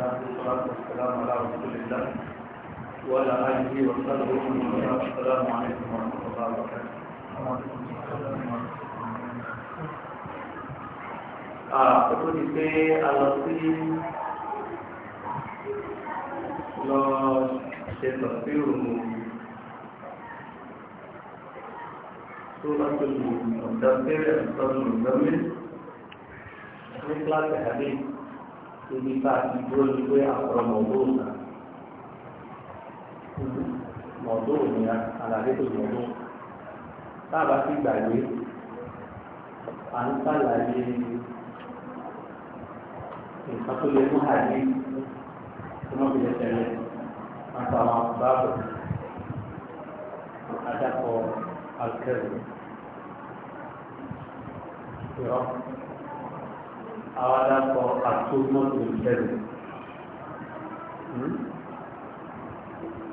الله والصلاة والسلام على رسول الله وعلى آله وصحبه ومن والاه السلام عليكم ورحمة الله وبركاته. Àkókò ti pé a lọ sí lọ ṣe tọ̀síwò tó lọ́tò ọ̀dọ́ bẹ̀rẹ̀ sọ́nù lọ́mí ní kíláàsì àdéhùn ibi bá ti dúró ní pé àkọ́rọ̀ mọ̀ọ́dọ́ òǹkà mọ̀ọ́dọ́ òmìnira àlàyé tó mọ̀ọ́dọ́ táàbà ti gbàgbé à ń sàlàyé nǹkan tó lè mú àyè tó mọ̀ fi lẹ́sẹ̀ àtàwọn báàbò àdàpọ̀ alkẹ́rù. Yeah àwọn adákọ̀ àti mọ́tò hmm? ìfẹ́rù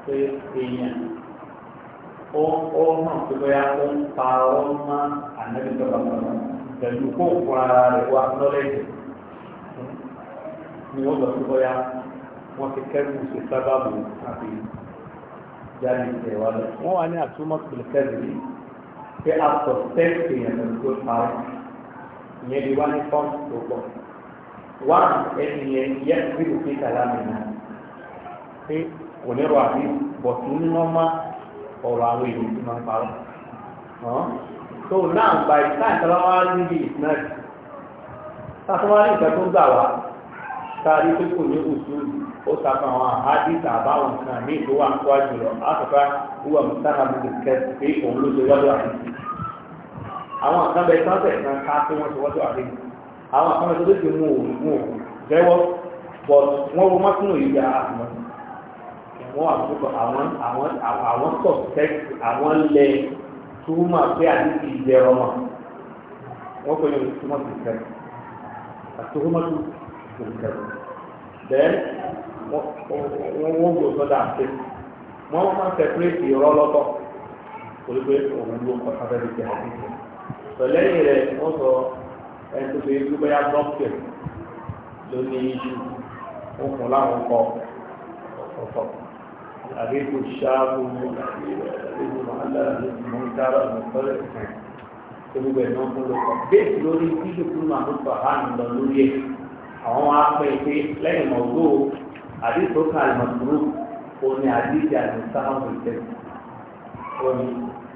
pé èèyàn ó ó hàn pé bóyá ó ń pa ọ́ mọ́ ànábìtọ́ba pẹ̀lú kó fún ara rẹ̀ wá lọ́lẹ́dẹ̀ hmm? ni wọ́n lọ sí bóyá wọ́n ti kẹ́rù ṣe sábàbù àti jáde ìṣẹ̀ wa lọ. wọ́n wá ní àtúmọ̀ pẹ̀lú kẹ́rù yìí a sọ tẹ́ẹ̀sì èèyàn lọ́dún tó ìyẹn lè wá ní fọ́ọ̀mù tó pọ̀ wá ẹni yẹn yẹ kí ló fi kàlá mi nà pé kò ní rọ àbí bọ̀tún ní wọ́n má ọ̀rọ̀ àwọn èèyàn tó máa ń parọ́ tó náà gba ìta ìtàláwá níbi ìsinmi tàbí nǹkan tó gbà wá tàbí tó kò ní oṣù ó sàkàn àwọn àhádìsà àbáwọn nǹkan ní ìlú wa ń kọ́ àjùlọ àtọ́fà wíwà mùsàlámù kẹ́sì pé òun ló ṣe wájú àyíkú àwọn àkànbẹ sáńtẹ̀ kan ká tó wọ́n ti wọ́n tó àdéhùn àwọn àkànbẹ tó lóṣù mú òun mú òun jẹ́wọ́ but wọ́n wọ́n má túnú ìyá àmọ́ wọ́n àkókò àwọn àwọn àwọn suspect àwọn lẹ túmọ̀ pé àdéhùn ìjẹrọ mọ̀ wọ́n pè ní túmọ̀ sí sẹ́ẹ̀ àtúhùmọ̀ sí sẹ́ẹ̀ then wọ́n wọ́n gbò sọ́dà àti wọ́n máa ń separate ìrọ́ lọ́tọ̀ torí pé òun ló kọ́ sábẹ́ bí ti àdéhùn pẹ̀lẹ́yìn rẹ̀ wọ́n sọ ẹni tó ṣe ikú bẹ́yà dọ́kítẹ̀ ló ní iṣu wọn kùn láwọn kọ ọ̀tọ̀ àbí kò ṣáàbù ìlú màálà ìlú mọ̀nìtàrà ìmọ̀tọ́lẹ̀ gbogbo ẹ̀ náà fún lọ́kọ̀ bẹ́ẹ̀ lórí bíṣù fún màmú fàhán lọ lórí ẹ̀ àwọn wa pẹ́ pé lẹ́yìn mọ̀gbó àdìsókà ìmọ̀tòrò òní àdìsí àdìsáhùn ìtẹ́sí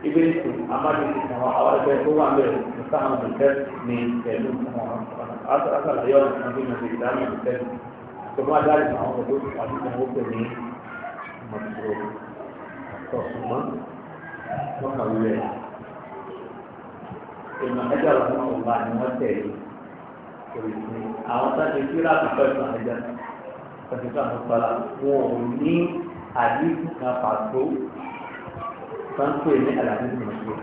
ibi tí amadu ti sàn wọn àwọn ẹgbẹ́ tó wà ń bẹ sáwọn olùfẹ́ ní pẹ̀lú àwọn asàlàyé ọ̀nà kan bí wọn ti dá ní olùfẹ́ tó wọn adarí àwọn ọmọ tó àti ìtàn ó pè ní mọ̀tò àtọ̀ ṣùgbọ́n wọn kà wúlẹ̀ ìmọ̀ ẹja wà fún ọba ni wọ́n tẹ̀lé torí pé àwọn sáà ti kíra àkọ́kọ́ ìmọ̀ ẹja pẹ̀lú àwọn ọ̀pọ̀lá wọn ò ní àdínkù kan pàtó kan pè ní àlàyé ní ìmọ̀síwò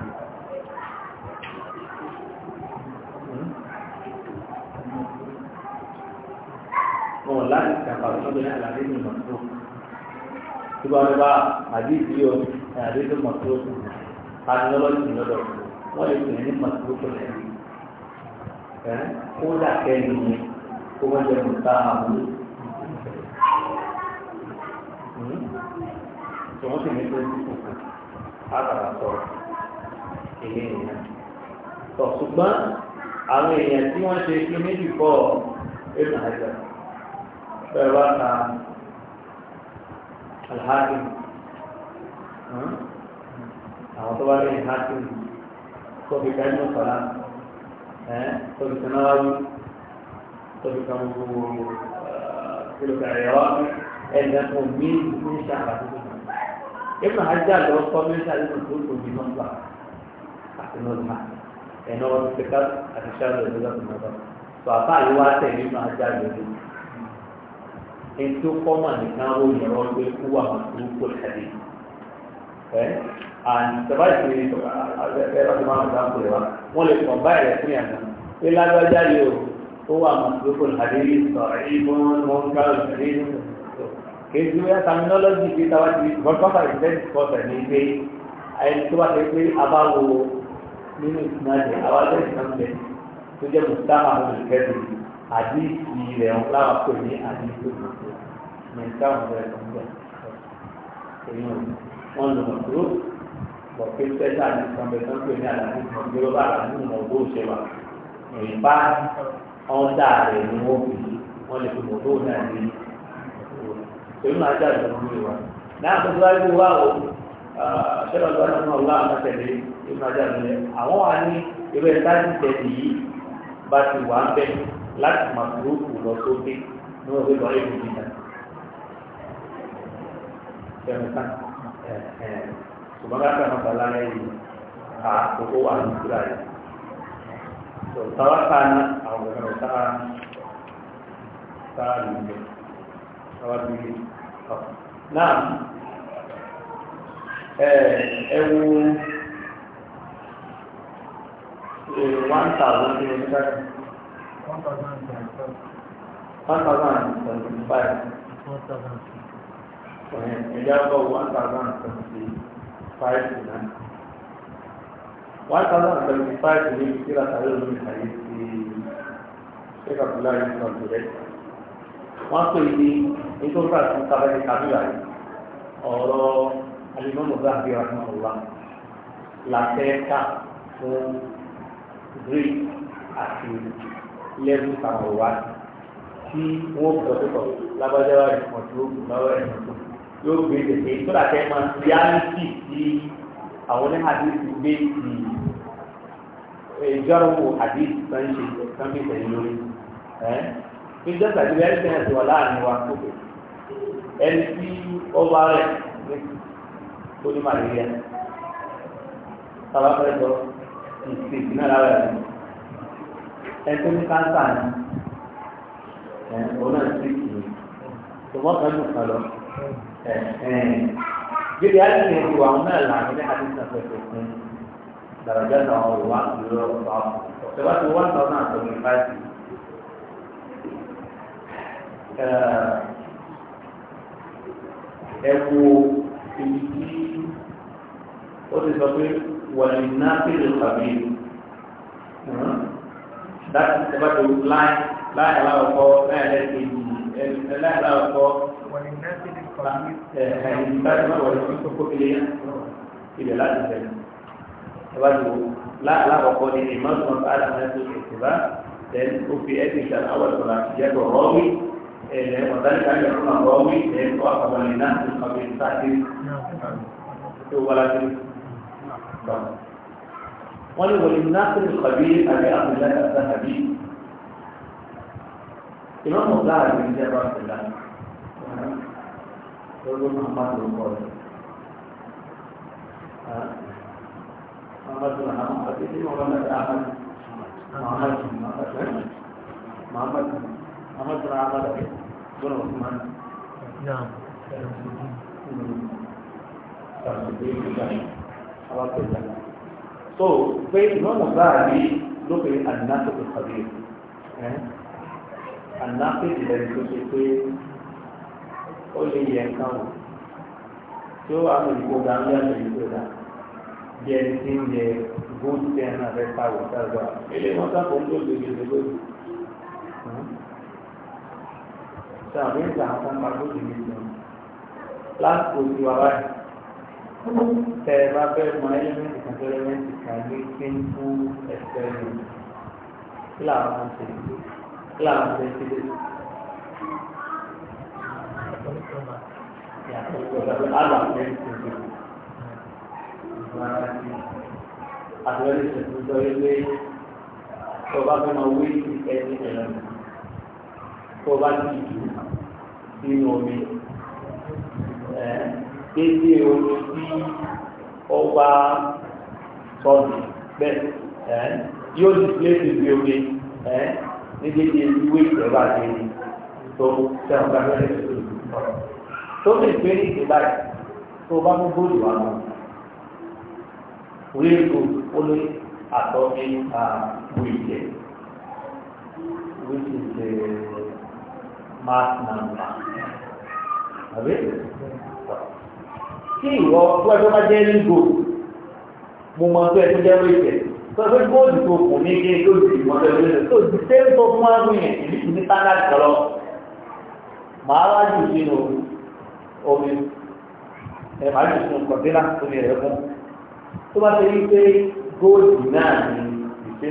hmm? wọn láti kàkà lọ́dọ̀ ní àlàyé ní ìmọ̀síwò tí wọ́n bá àdéhùn yọ àlàyé ní ìmọ̀síwò kanilọ́lọ́sì lọ́dọ̀ wọ́n lè pè ní ìmọ̀síwò tó lẹ́yìn ẹ̀ kó dàkẹ́ nìyẹn kó àgbàrá sọ̀rọ̀ èyí nìyẹn. tọ̀ ṣùgbọ́n àwọn èèyàn tí wọ́n ṣe kí méjì pọ̀ ẹ̀rọ àjà bẹ́ẹ̀ wá ta alhaki àwọn tó bá lé ní haki tó fi ká inú sọ̀rọ̀ tó fi kaná wáyé tó fi ká gbogbo kílò kàrẹ̀ wá ẹ̀dá fún mi ní sàkàtúntò. ابن حجاج اللي هو الطبيب لازم نقول ودي مصلحه تحت النظر معنا لان هو الابتكار هتشتغل بوزاره النظر فقطع الواسع ابن حجاج يقول ان تقوم نكاو يرون بالقوه مسلوك الحديث فاهم and the right way to ẹ̀rọ ti máa ń gbà pé wa wọ́n lè kàn báyìí rẹ̀ fún yàtọ̀ pé lágbájá yìí o ó wà mọ̀ lóko ìhàdí sọ̀rọ̀ ìbọn mọ̀ọ́ká ìhàdí kéjì wíyá kita waktu táwa intens, gbọ́dọ́fà ìfẹ́ǹsì kọ́sẹ̀ ní pé ẹni tó wà ní pé abáwo nínú ìsinadì abájọ́ ìsinadì tó jẹ́ mùsùlùmá àwọn olùkẹ́sì àdìsí rẹ̀ ń tu pè ní àdìsí òkùnkùn ní ìsáwọn ọ̀rẹ́ tó ń bọ̀ èyí wọn lò wọn dúró bọ̀ pé sẹ́jà ní ìsọ̀bẹ̀ tó ń pè ní àdàkùn kan dúró bá àdàkùn ní ọgbó òṣèwà ni èmi máa jáde ọmọ mi wá náà tó wáyé wá o ṣẹlẹ̀ ọgbà náà wá àwọn tẹ́lẹ̀ èmi máa jáde lẹ àwọn wa ní ìwé táàtì tẹ́lẹ̀ yìí bá ti wà ń bẹ láti máa kúrò kù lọ sókè ní wọn fi lọ àwọn ọ̀gá ọ̀gá sáà àwọn ibi náà ẹwu one thousand ní oníkà one thousand and seventy five ẹ̀yà bọ̀ one thousand and seventy five náà one thousand and seventy five ní ìlàkàlẹ́ olómi àyè ti ṣé kàkúlá yìí kan tó rẹ̀ kàn wọ́n pè ní ètò ìgbà tó kábẹ́lì kábíyà yìí ọ̀rọ̀ alimọ́nù gbàgbé rahmanullah làtẹ́ẹ̀ká fún greek àti lẹ́rú sàmùwá tí wọ́n kọ̀ tó kọ̀ lábájá wà ní ọ̀tún lọ́wọ́ ẹ̀ yóò gbé tètè eh, tó dàtẹ́ máa ti reality tí àwọn oníhàdìsì gbé tì í ìjọ́rùn-ún àdìsì kan ṣe kan bí tẹ̀lé lórí níjọ́ tàbí ẹni tí wọ́n ti wà láàrin wa tó pè ẹni tí ọba rẹ̀ ní tó ní màlẹ́ríà sábà fẹ́ sọ ìsèkì náà lára rẹ̀ ẹni tó ní káńsà ni òun náà ti kì í tòmọ́ kan ló kàn lọ gbèdé àti ìrìn ìwà àwọn náà làwọn ilé àti ìsàfẹ́ tó kún dàrájà náà wà lọ́wọ́ ọ̀sẹ̀ wá sí one thousand and twenty five ẹ̀wù èyí tí ó ti sọ pé wọ̀nyí náà kéde tàbí láti ẹ̀bá tó láì láì aláwọ̀kọ́ láì lẹ́ẹ̀kejì láì aláwọ̀kọ́ wọ̀nyí náà kéde tàbí ẹ̀yìn bá ti máa wọ̀nyí tó kó kele yẹn ibẹ̀ láti bẹ̀rẹ̀ ẹ̀bá tó láì aláwọ̀kọ́ ni ìmọ̀tò àdàmẹ́tò ìtura then ó fi ẹ̀ẹ́dì ìṣàlàwọ̀ ìtura ìjẹ́kọ̀ọ́ rọ́ọ̀wì. إيه، وذلك أن يكون الراوي ليسوى قبل قبل ولكن قالوا وللناقل الخبير أبي عبد الله الذهبي إمام الذهبي من جاب عبد الله يقول محمد بن قاسم محمد بن محمد محمد أحمد محمد محمد محمد بن أحمد bọ́lá ọ̀sán. so pé ìmọ̀mù báà rí lópe ànáfẹ́tò kàbí ànáfẹ́tò lẹ́nu tó ṣe pé ó lè yẹ nǹkan wò tí ó àwọn ìdìbò ga ń yá lórí ìgbò dá bí ẹni tí ń yẹ góòtù tí ẹnu àfẹ́ pàwọ̀ sáà gbà eléwọ́n sábà ń lò lórí ìgbò tàbí ìgbà àwọn magbóde nínú lásìkò tí wà báyìí tẹ ẹ bá fẹ́ mọ ẹlẹ́mẹ̀ntì kan tó ẹlẹ́mẹ̀ntì kan ní sínkú ẹsẹ̀ rẹ̀ kí làwọn ṣe kí làwọn ṣe ṣe lè. Àtúwẹ́lẹ́sẹ̀ tó sọ ilé tó bá fẹ́ máa wí ẹni ẹ̀rọ tó bá ti jù sínú omi dédé omi tí ọba sọ̀nù bẹ́ẹ̀ yóò sì lé síbi omi ní dédé ìwé ìjọba àgbèrè tó sẹ́wọ̀n bá fẹ́rẹ̀ tó tó lè gbé ní ìgbà tó bá mú bóòlù wà lọ orí ètò olóyè àtọ́ mi àbúrò ìjẹ́ which is mass number àbí tí ìwọ tó ẹjọ́ bá jẹ́ ní gold mo mọ tó ẹjọ́ jẹ́ wíṣẹ̀ tó ẹjọ́ gold tó kù ní kí tó di ìwọ̀n tó ẹjọ́ tó di sẹ́yìn tó fún àwọn èèyàn ìlú ti ní standard kọlọ màá wá jù sínú omi ẹ màá jù sínú kọ̀tínà omi rẹ̀ fún tó bá ṣe yí pé gold náà ní the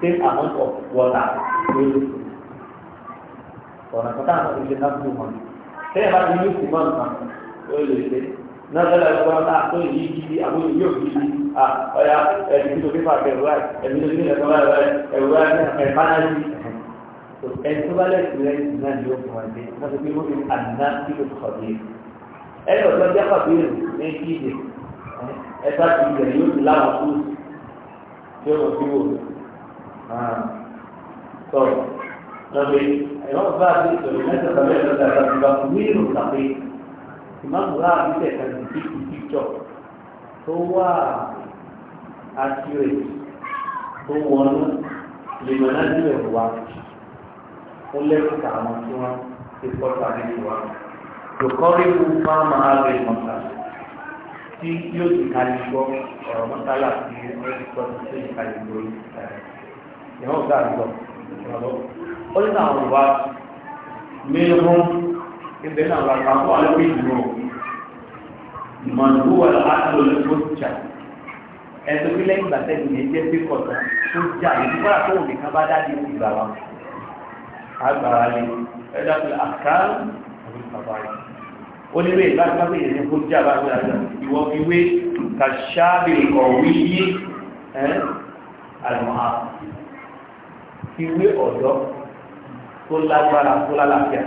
same amount of water lórí ọ̀nà kan táwọn ti ṣe náà fún wọn tẹ́lẹ̀ bá ti ní ìsìn mọ́ nǹkan ó lè ṣe náà tẹ́lẹ̀ ló wá náà tó yìí gidi àwọn èyí yóò gidi à ọ̀yà ẹ̀mí tó pépà kẹrù ráì ẹ̀mí tó nílẹ̀ tó ráì ráì ẹ̀rù ráì ẹ̀ pánájì ẹni tó bá lẹ́sìn rẹ̀ náà ni ó fún ẹgbẹ́ náà tó bí wọ́n fi àdínà tí kò kọ̀ bí ẹni ọ̀dọ́ jẹ́ pàbíyèrè ní kí Tapi, Imam Ghazali sebenarnya sebagai berdasar Tanwir tapi Imam Ghazali dia akan dipicok tua accurate tó wọnú lèmọ̀ náà ní ẹ̀rọ wa ó lẹ́kọ̀ọ́ ká àwọn tí wọ́n ti kọ́ sáré sí wa lòkọ́rí fún fáàmà ààrẹ mọ̀tà tí yóò ti kalẹ̀ gbọ́ ọ̀rọ̀ mọ́tálà tí wọ́n ti kọ́ sí ìkalẹ̀ lórí ẹ̀rọ ìyàwó gbà gbọ́ ó ní àwọn ọba mìíràn ibẹ̀ náà wà káfọ́ alẹ́ pé ìdúró mọ̀nùkú wà láàárọ̀ lẹ́kọ̀ọ́ jà ẹ̀sùn bí lẹ́yìn ìgbà tẹ́lẹ̀ ní ẹjẹ́ pé kọ̀tà tó jà ìdí kọ́ra tó wùdí ká bá dáadé ó ti gbà wá agbára lé ẹ̀dá pé àká bàbá yìí oníwé ìgbàgbọ́ ìyẹn ní kó jà bá gbé àjà ìwọ ìwé kàṣáàbì ọ̀wí yé ẹ̀ àlùmọ́ ìwé ọ̀dọ́ tó lágbára tó lálàáfíà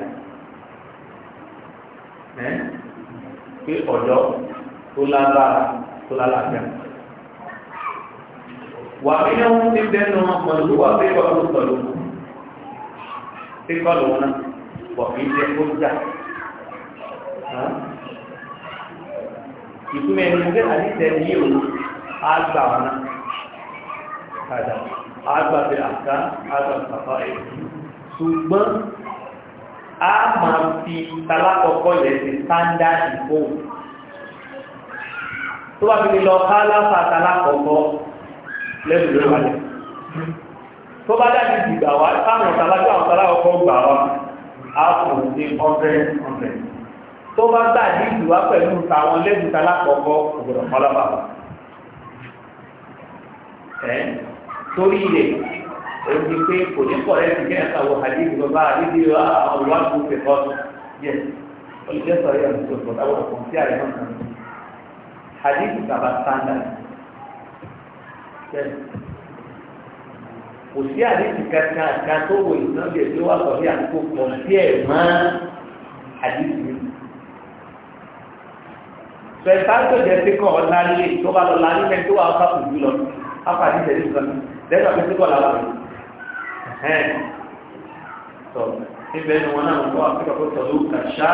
pé ọ̀dọ́ tó lágbára tó lálàáfíà. wà á yẹ wọn ti dẹnu mọ̀lú wà pé wà ló sọ̀rọ̀ pé kọ́ lòun náà wà kì í jẹ kó jà ìtumọ̀ ẹni mo kẹ́ta ní tẹ̀lé yìí o á gbà wọn náà kàdà á gbà bẹ àká á gbà bàbá ẹ̀ ṣùgbọ́n a máa fi talákọ̀ọ́kọ́ yẹn ti sáńdáàdì fóun tó bá fi lọ ká láfa talákọ̀ọ́kọ́ lẹ́nu ló wà lẹ́ tó bá dájú ti gbà wá táwọn talákọ̀ àwọn talákọ̀ọ́kọ́ gbà wá á kò ní ọ̀rẹ́ ọ̀rẹ́ tó bá gbà ní ìdùwà pẹ̀lú tàwọn lẹ́nu talákọ̀ọ́kọ́ ògbọ̀dọ̀ kọ́lọ́bà torí rẹ̀ èyí ti pé kò ní pọ̀ lẹ́yìn kí ẹ̀ka wọ àdéhùn bàbá àdéhùn àwọn olùwàkùn ti kọ́ yẹ olùjẹ́ sọ̀rọ̀ yẹn tó sọ̀rọ̀ àwọn ọ̀pọ̀ tí àyè náà kàn àdéhùn bàbá standard kò sí àdéhùn kankan kan tó wọ ìsìnàbẹ̀ tó wà sọ̀rọ̀ yẹn àti kò pọ̀ sí ẹ̀ mọ́ àdéhùn yìí pẹ̀lú tó jẹ́ pé kọ́ ọ̀la nílé tó bá lọ la tó wà ọ́ sáfù jù lọ afọ àdìsẹ́ nígbà lẹ́nu àpẹẹsẹ́ kọ́ làwọn àgbẹ̀ tọ níbẹ̀ ni wọn náà ń kọ́ àfíkà kó tọ̀lú kàṣá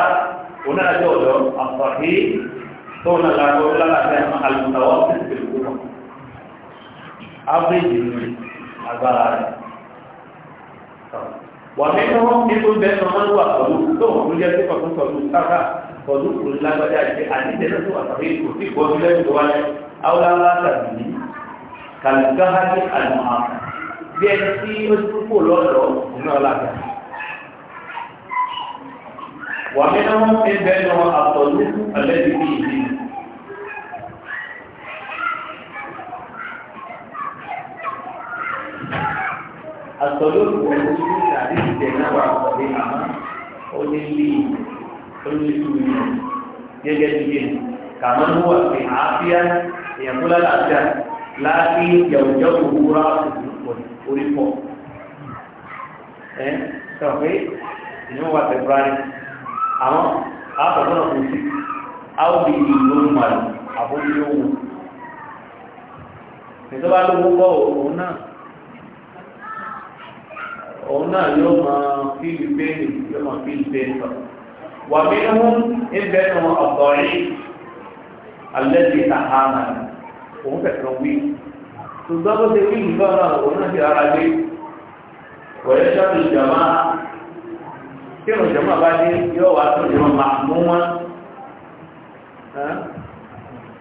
onáàjọ ọ̀dọ́ àfàhí tó ń lálàgbọ́ lálàfẹ́ àlùtàwọ́ sí ìpèlú wọn áfíríjì ní agbára rẹ̀ wà nínú nínú bẹ́ẹ̀ ni wọ́n wà pẹ̀lú tó ń kú jẹ́ sí pàtó tọ̀lú sáfà tọ̀lú kù lágbájá ìṣe àdíjẹ́ náà tó àfàhí kò sí gbọ́ bí ẹni tí ó ti kúkú lọ́dọ̀ nínú atau wà mí náà wọ́n fi bẹ́ẹ̀ lọ àtọ̀lú ọ̀lẹ́bí ní ìdí. àtọ̀lú ọ̀lẹ́bí ní àdé ìdè náà wà pọ̀lẹ́ àmọ́ ó ní lé olóṣù yìí gẹ́gẹ́ bí orí pọ̀ ẹ sọ pé ìyẹn wà tẹ̀bùrárì àwọn àtọ̀tọ̀ náà kò sí àwọn bí ìlú màlù àbójú lówó ìjọba lówó bọ́ òun náà òun náà yóò máa fíìlì bẹ́ẹ̀lì yóò máa fíìlì bẹ́ẹ̀lì sọ wà mí mú ẹgbẹ́ nu ọ̀tọ̀ rí alẹ́ ti tàhánà òun fẹ̀sọ̀ wí ṣùgbọ́n bó ṣe kí nǹkan náà wọ́n náà ti ara gbé wọ̀nyẹ́ sọ́ọ̀tù ìjọba tí ìrùn ìjọba bá dé yóò wá tó ìrùn máa mú wọn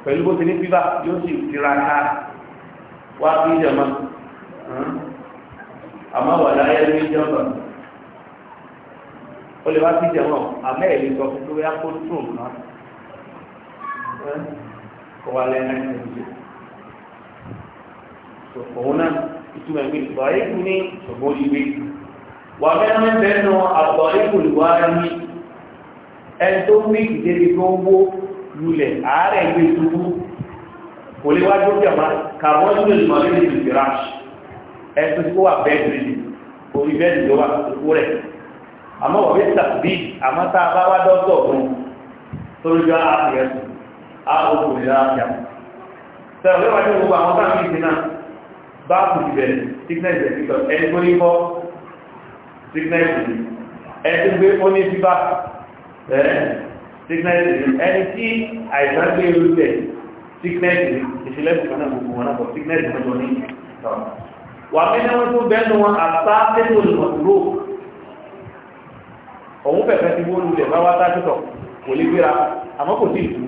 pẹ̀lú bó ṣe ní fífà yóò sì tiraka wá sí ìjọba àmọ́ wà láyé ní ìjọba ó lè wá sí ìjọba àmọ́ ẹ̀ lè sọ fún pé ó yá kó tó nǹkan kó wá lẹ́yìn náà òun náà ìtumọ̀ ìwé ìbáyékù ní ṣùgbọ́n ìwé wà mẹ́rin bẹ́ẹ̀nà àbọ̀lékù ìwà ní ẹni tó ń méjì débi tó ń wó lulẹ̀ ààrẹ ìwé ìtúkú kò lè wájú ó jàmá kàbọ́ nínú ìmọ̀ lórí ìfìrà ẹni tó ti kó wà bẹ́ẹ̀ lórí orí bẹ́ẹ̀ ló wà kó rẹ̀ àmọ́ wà bí tàbí àmọ́ tá a bá wá dọ́tọ̀ fún torí jọ àpẹẹrẹ àpòkò ìlà àpẹẹrẹ sẹ́wọ̀n lẹ́wàá ní gbogbo àwọn táwọn ìsìn náà báàbù ìbẹ̀rẹ̀ sickness executor ẹni tó ní bọ́ sickness ìbí ẹni gbé ó ní fíbà sickness ìbí ẹni tí àìsàn gbé irú bẹ̀ sickness ìbí ìṣẹ̀lẹ̀ kò náà gbogbo wọn náà bọ̀ sickness ìbí wọn ní wà mí náà tó bẹ́nu wọn àtà tẹ́tò olùmọ̀tòrò òun fẹ̀fẹ̀ ti wó lulẹ̀ bá wá sákìtọ̀ kò lè gbéra àmọ́ kò sí ìlú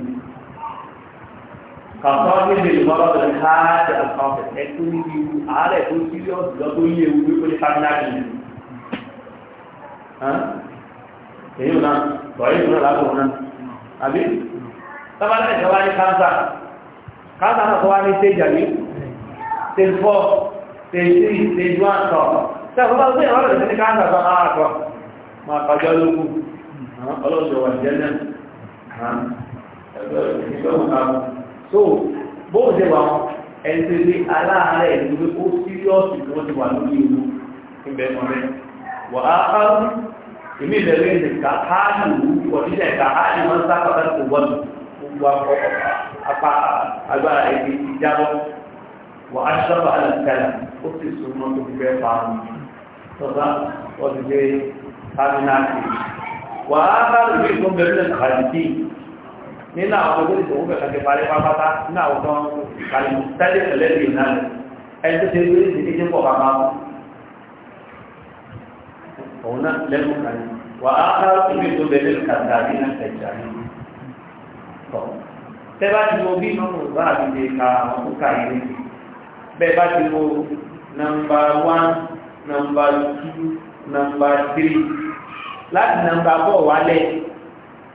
kàtọ́jú lè mọ́rọ́ lọ káàdì àkànfẹ̀ ẹ̀kún ní ibi ààrẹ tó síríọ̀sì lọ tó yé ewu wípé ní kámínàkì ni. èyí ò náà bọ̀yé ìlú náà lágbo náà àbí tábàlẹ̀ ẹ̀jẹ̀ wá ní kánsà kánsà náà tó wá ní stage àbí stage four stage three stage one tọ̀ sẹ́kọ̀ọ́ bá gbé ìrọ̀lẹ́ ìfẹ́ ní kánsà tó ah, máa kọ́ máa tó bóun ṣe wà ẹni tó ṣe aláàárẹ̀ ìlú pé ó síríọ́ọ̀sì tí wọ́n ti wà lórí ìlú ìbẹ̀ mọ́ rẹ̀ wà á áhùn èmi ìbẹ̀rẹ̀ ìdè ká áhùn ìwọ̀díṣẹ̀ ká áhùn wọn sábà bá kò wọ́n gbogbo akọ apá agbára ìdí ìjábọ̀ wà á sábà alàkàlà nínú àwọn ọmọdé ìṣòwò bẹ̀rẹ̀ kàkẹ́ parí pápátá nínú àwọn tó ń kàlẹ̀ tẹ́lẹ̀ tẹ́lẹ̀ bí náà lẹ̀ ẹni tó ṣe wí ní ìdíje pọ̀ bàbá wọn. òun náà lẹ́nu kan wà á ká ibi tó bẹ̀rẹ̀ kàkà bí náà ẹ̀jà ni. tẹ́ bá ti wo bí mọ́mọ́ bá àbíde ka ọkọ̀ ká ilé bẹ́ẹ̀ bá ti wo nọ́mbà one nọ́mbà two nọ́mbà three láti nọ́mbà bọ̀ wálẹ̀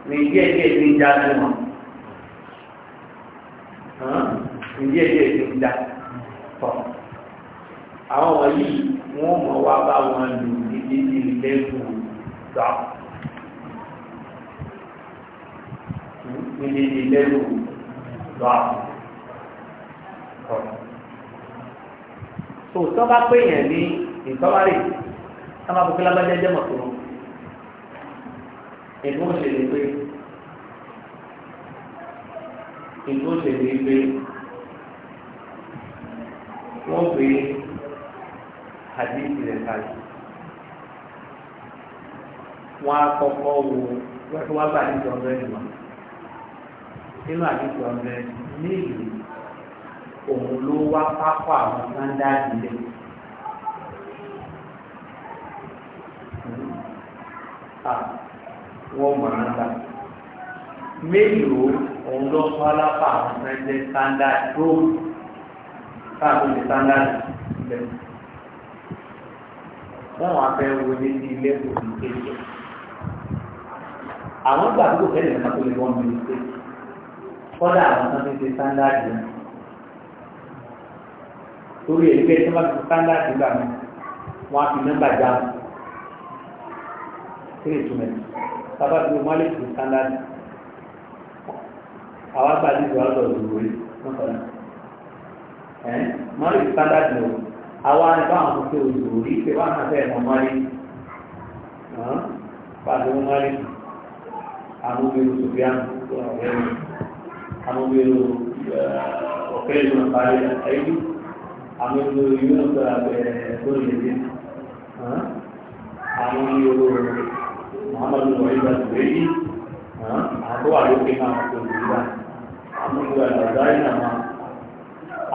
ní díẹ̀ díẹ̀ ní ìjà ni wọn ìdí ẹ̀dí ẹ̀dí ń dá tọ̀ àwọn wọ̀nyí wọ́n mọ̀ wá bá wọn lò níbi ilé ìlú dá níbi ilé ìlú dá tọ̀ tó tọ́ bá pé yẹn ní ìtọ́wárì tá má bọ́ kí lábájá mọ̀ tó ètò òṣèlú pé ìgbó ṣe ní pé wọ́n gbé àdéhùn rẹ̀ kalẹ̀ wọ́n á kọ́kọ́ wo wọ́n wá bá àdéhùn ọ̀rẹ́ rẹ̀ wọ́n nínú àdéhùn ọ̀rẹ́ nílùú òun ló wá pápá àwọn sáńdáàdì lẹ́yìn. Ah, wọ́n mọ̀ ọ́n dáa mélòó òun lọ fún alápá àwọn ẹgbẹ́ standard rome káàkiri ní standard ilẹ̀ wọn wà fẹ́ wọlé sí ilé òbí kéjọ àwọn gbà tó kò tẹ́lẹ̀ nípa tó lè wọ́n mi lè kọ́dà àwọn tó ń ṣe standard yẹn torí ẹgbẹ́ tí wọ́n ti standard gbà mí wọ́n á fi nọ́mbà jáàmù kí lè túmẹ̀ sábà tó wọ́n lè ṣe standard. àwọn àgbàdì ìjọ àlọ́ òdòdó rí mọ́tọ́lá ẹ̀ mọ́rí standard no àwọn àgbà àwọn tó ṣe òdòdó rí ṣe wà náà mọ́rí pàṣẹ wọn mọ́rí amúgbèrò sòfíà amúgbèrò ọ̀kẹ́lẹ́ ìlú àpárí àyíjú amúgbèrò ìlú náà gbogbo ẹ̀rọ̀dọ́ ìnà máa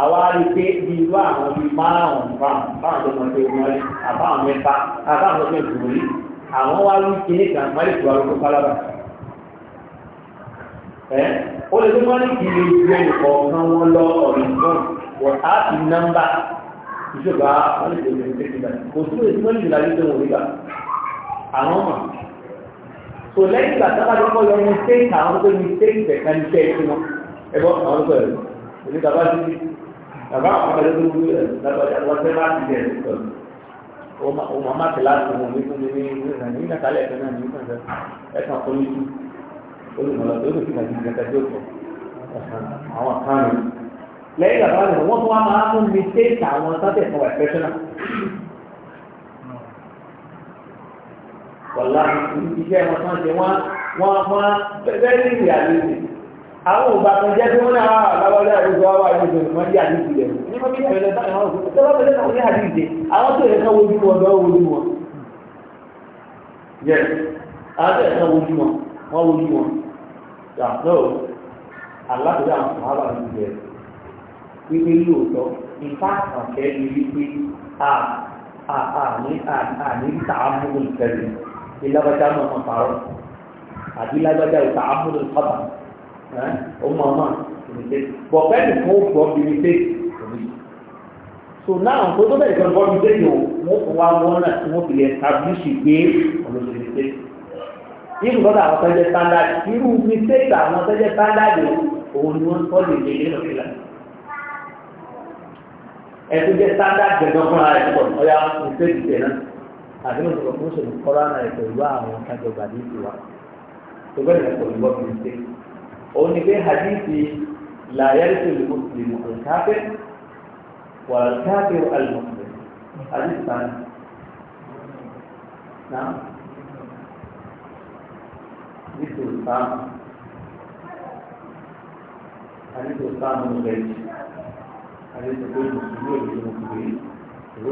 àwa rí pé bí irú àwọn bíi márùn-ún báwọn báwọn tó mọ̀ pé wọ́n rí àbáwọn mẹ́fà àbáwọn tó mẹ́fà rí àwọn wá kan máa lè tó àwọn tó pálábà ẹ́ ó lè tó mọ́ ní kí lè ju ẹnìkọ̀ọ̀kan wọn lọ ọ̀rìn náà wọ́n á fi nọ́mbà ìjọba wọ́n lè tó lè tẹ́ ti bàjẹ́ kò sí èsì mọ́lì ìlànà tó wọ́n rí gbà àwọn mọ̀ tò lẹ́yìn ìgbà tábàdọ́kọ̀ yọ mistake àwọn tó mistake bẹ̀ẹ̀ kan jẹ́ ìtumọ̀ ẹgbọ́ àwọn ọ̀sẹ̀ rẹ̀ èmi tàbá ti tàbá àwọn ọ̀sẹ̀ tó wúlò rẹ̀ tàbá àwọn ọ̀sẹ̀ máa ti jẹ̀ o ma ma kíláàsì wọn ní fún mi ní ìrìnà ní nàkàlẹ̀ ẹ̀kan náà ní ìpínlẹ̀ ẹ̀kan kọ́ lójú olùmọ̀lá tó lòdì nàìjíríà kẹta tó kọ̀ àwọn àkànnì lẹ́yìn ìgbà tó wọ́n tún wá máa ń mú mi tẹ́ẹ̀tà àwọn sátẹ̀ fún wa ẹ̀fẹ́ṣọ́nà wàlá iṣẹ́ wọn tán ṣe wọ́n wọ́n wọ́n bẹ́ẹ̀ ní ìrìn àwọn òbá kan jẹ́ tí wọ́n ní àwọn àbábọ́lẹ̀ àdúgbò àwọn àdúgbò wọ́n jẹ́ àdúgbò rẹ̀ nígbà tí ìfẹ̀lẹ̀ táwọn àwọn àdúgbò àwọn tó yẹ ká wojú wọn lọ́wọ́ wojú wọn yẹ àwọn tó yẹ ká wojú wọn wọ́n wojú wọn yàtọ̀ aláàbò àwọn sàhábà ń jẹ wípé lóòótọ́ ìfá àkànkẹ́ ni wípé a a ọmọ ọmọ mistake but bẹ́ẹ̀ nìkan ó gbọ́ bí mistake so now tó tó bẹ̀rẹ̀ kan gbọ́ mistake yòó wọ́n fún wa wọ́n náà tí wọ́n fi lè establish pé ọ̀nà ìṣe mistake irú lọ́dọ̀ àwọn tó jẹ́ standard irú mistake àwọn tó jẹ́ standard òun ni wọ́n kọ́ lè lè lọ sí la ẹtú jẹ́ standard gbẹ̀gbọ́n fúnra rẹ̀ pọ̀ ọ̀yà mistake tẹ̀ náà àti ní ìṣòro fún ìṣòro kọ́ra náà pẹ̀lú àwọn kájọba ní ìṣòwò àti tó bẹ̀rẹ̀ pẹ̀lú gbọ́ mistake òun ni pé hadithi làyẹ̀rìsì lùmùsùlùmù alkafir wà alkafir alùmùsùlùmù hadithi sani. Náà nítorí sáàmù àdìsọ sáàmù lẹ́yìn àdìsọ pé mùsùlùmí ò lè mùsùlùmí ìwé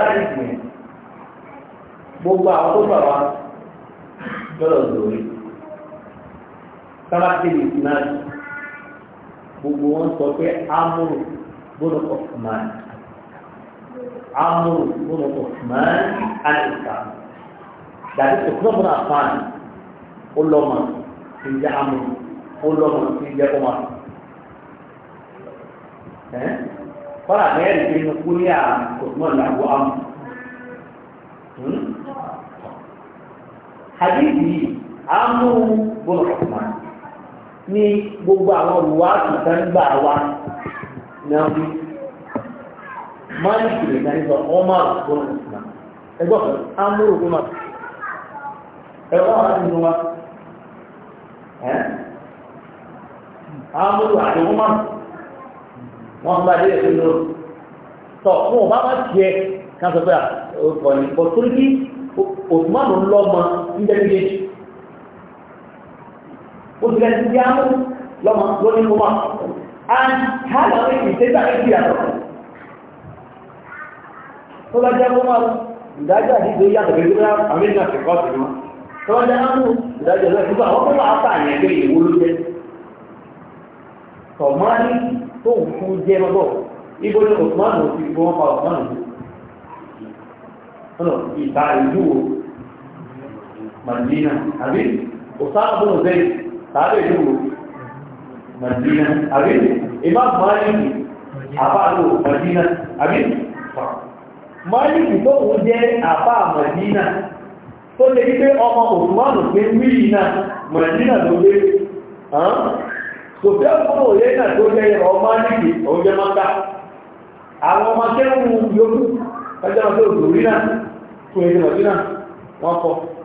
ò lè ìgbìn gbogbo àwọn tó gbà wá lọ́dọ̀ lórí kábàtìrì náà gbogbo wọn sọ pé amúrù gbọ́dọ̀ pọ̀ máa amúrù gbọ́dọ̀ pọ̀ máa àdìsá dàbí òkúrọ̀ bọ́dọ̀ àfáàní ó lọ́mọ tí ń jẹ́ amúrù ó lọ́mọ tí ń jẹ́ ọmọ kọ́lá bẹ́ẹ̀ rí pé inú kúlé à òkúrọ̀ làwọ̀ amúrù hadithi amúrù gbọ́dọ̀ pọ̀ máa. ní gbogbo àwọn olùwà àtúntà ń gbà wá náà bí máàlìkì lè dáná sọ ọmọ àgbọn ìsìnà ẹgbọ́n kan á mú òkú náà ẹ̀rọ àwọn àti ìnú wa ẹ̀ àti bá dé fún ọba bá ní utilizamos lo, lo mismo más. And cada vez intenta retirarlo. Tó bá jẹ́ Umar, ìdájọ́ àti ìgbé yàtọ̀ pé kí wọ́n àmìnà ti kọ́ sí wọn. Tó bá jẹ́ Amú, ìdájọ́ lọ sí àwọn pẹ̀lú àtà yẹn pé ìwó ló jẹ́. Tọ̀mánì tó ń fún jẹ́ mọ́bọ̀, ibo ni Osman ò fi fún ọpa Osman jù. Ọ̀nà ìta ìlú wo, Màdínà, àbí Osama bọ́lọ̀ bẹ́ẹ̀ tàbí ìlú Madina àbí Imam Maliki àbáàlò Madina àbí Maliki tó wọ́n jẹ́ àbá Madina tó lè gbé ọmọ Osmanu pé mílì náà Madina ló gbé sòfẹ́ fún òye náà tó jẹ́ ọmọ Maliki oúnjẹ mọ́ta àwọn ọmọ kẹ́rù yóò ọjọ́ ọjọ́ òdòrí náà tó ẹgbẹ̀rẹ̀ náà wọ́n kọ́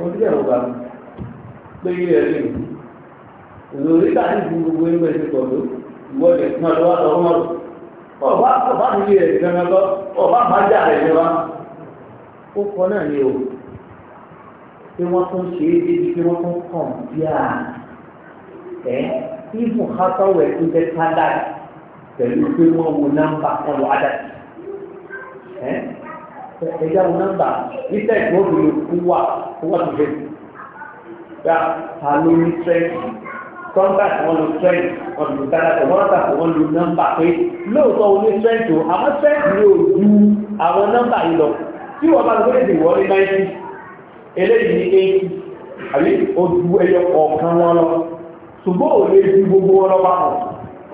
òun ti ẹ̀rọ bá mi pé ilé ẹ̀ lè mú ìròyìn tàbí ìdí gbogbo ẹgbẹ́ ti pọ̀ tó ìwọ́de náà lọ́wọ́ lọ́wọ́ mọ́rò ọba ọba mi lè gbẹmẹ lọ ọba máa jà rẹ̀ jẹba ó kọ náà ni o pé wọ́n tún ṣe é débi pé wọ́n tún kàn bíà ẹ́ ibùn ẹ́. ẹja wọn nọ́mbà níta ìgbọ́ mi ló kú wà kó wà tó fẹ́ gba ta ní tẹ́ẹ̀tì kọ́ńtà tí wọ́n lo tẹ́ẹ̀tì wọ́n dára tí wọ́n tà tí wọ́n pé wọn o àwọn tẹ́ẹ̀tì yóò ju àwọn nọ́mbà yìí lọ tí wọ́n bá lóore ti wọlé náírà eléyìí ní àbí ẹyọ wọn lọ gbogbo wọn lọ bá wọn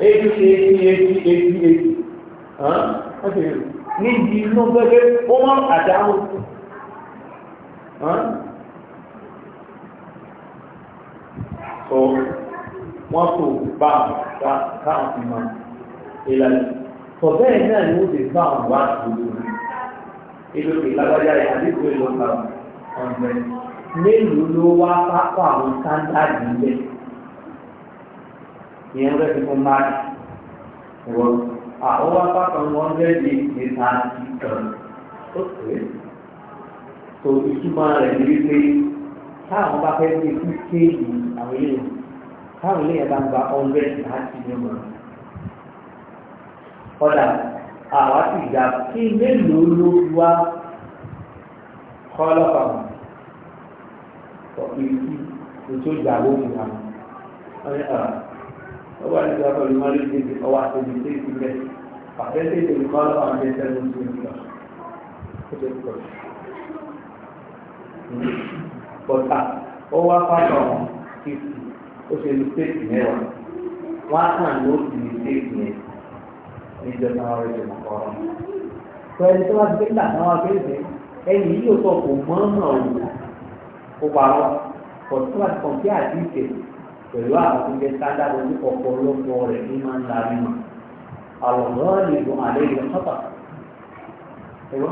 eighty eighty eighty eighty níbi inú pẹ́pẹ́ ó wọ́n àdánù sọ wọ́n tó bá káwọn fi máa ìlànà sọ bẹ́ẹ̀ náà ni ó ti bá àwọn wá ìlú ìlú ìlágbájá ìhàdíkò ìlú ọ̀gbẹ́ mélòó ló wá pápá àwọn sáńdáàdì ń bẹ ìyẹn rẹ̀ fi fún máàkì wọ́n àwọn apákan wọn lẹ́yìn ní tààtì kan ó pè é tó ìtumọ̀ rẹ̀ ní wípé táwọn bá fẹ́ gbé sí kéèkì àwọn èèyàn táwọn èèyàn bá ń gba ọ̀rẹ́ láti ní wọn. ọ̀dà àwa ti gbà kí mélòó ló wá kọ́ lọ́pàá ọ̀pọ̀ ìlú ètò ìgbàgbọ́ ìgbà wọn. ọ̀rẹ́ ọ̀rẹ́ ọwọ́ àti ìgbàgbọ́ ìmọ̀lẹ́gbẹ̀ẹ́ ọwọ́ àti ìgbàgbọ́ ìgbàgbọ́ فأتيت بالقال فأتيت المسلمين bọ̀tà ó wá fáwọn ọ̀hún fífi ó ṣe mistake mẹ́wàá wọ́n á kàn ló fi mistake yẹn níjọba ọ̀rẹ́ ìjọba ọ̀rọ̀ pẹ̀lú tí wọ́n ti gbé náà wọ́n fi ṣe ẹni yìí ò sọ kò mọ́ náà wò ó parọ́ pọ̀ tí wọ́n ti kàn bí àdìsẹ̀ pẹ̀lú àwọn tó ń jẹ́ standard ojú ọ̀pọ̀lọpọ̀ rẹ̀ ní máa ń darí mọ́. الغالب عليه الخطأ ايوه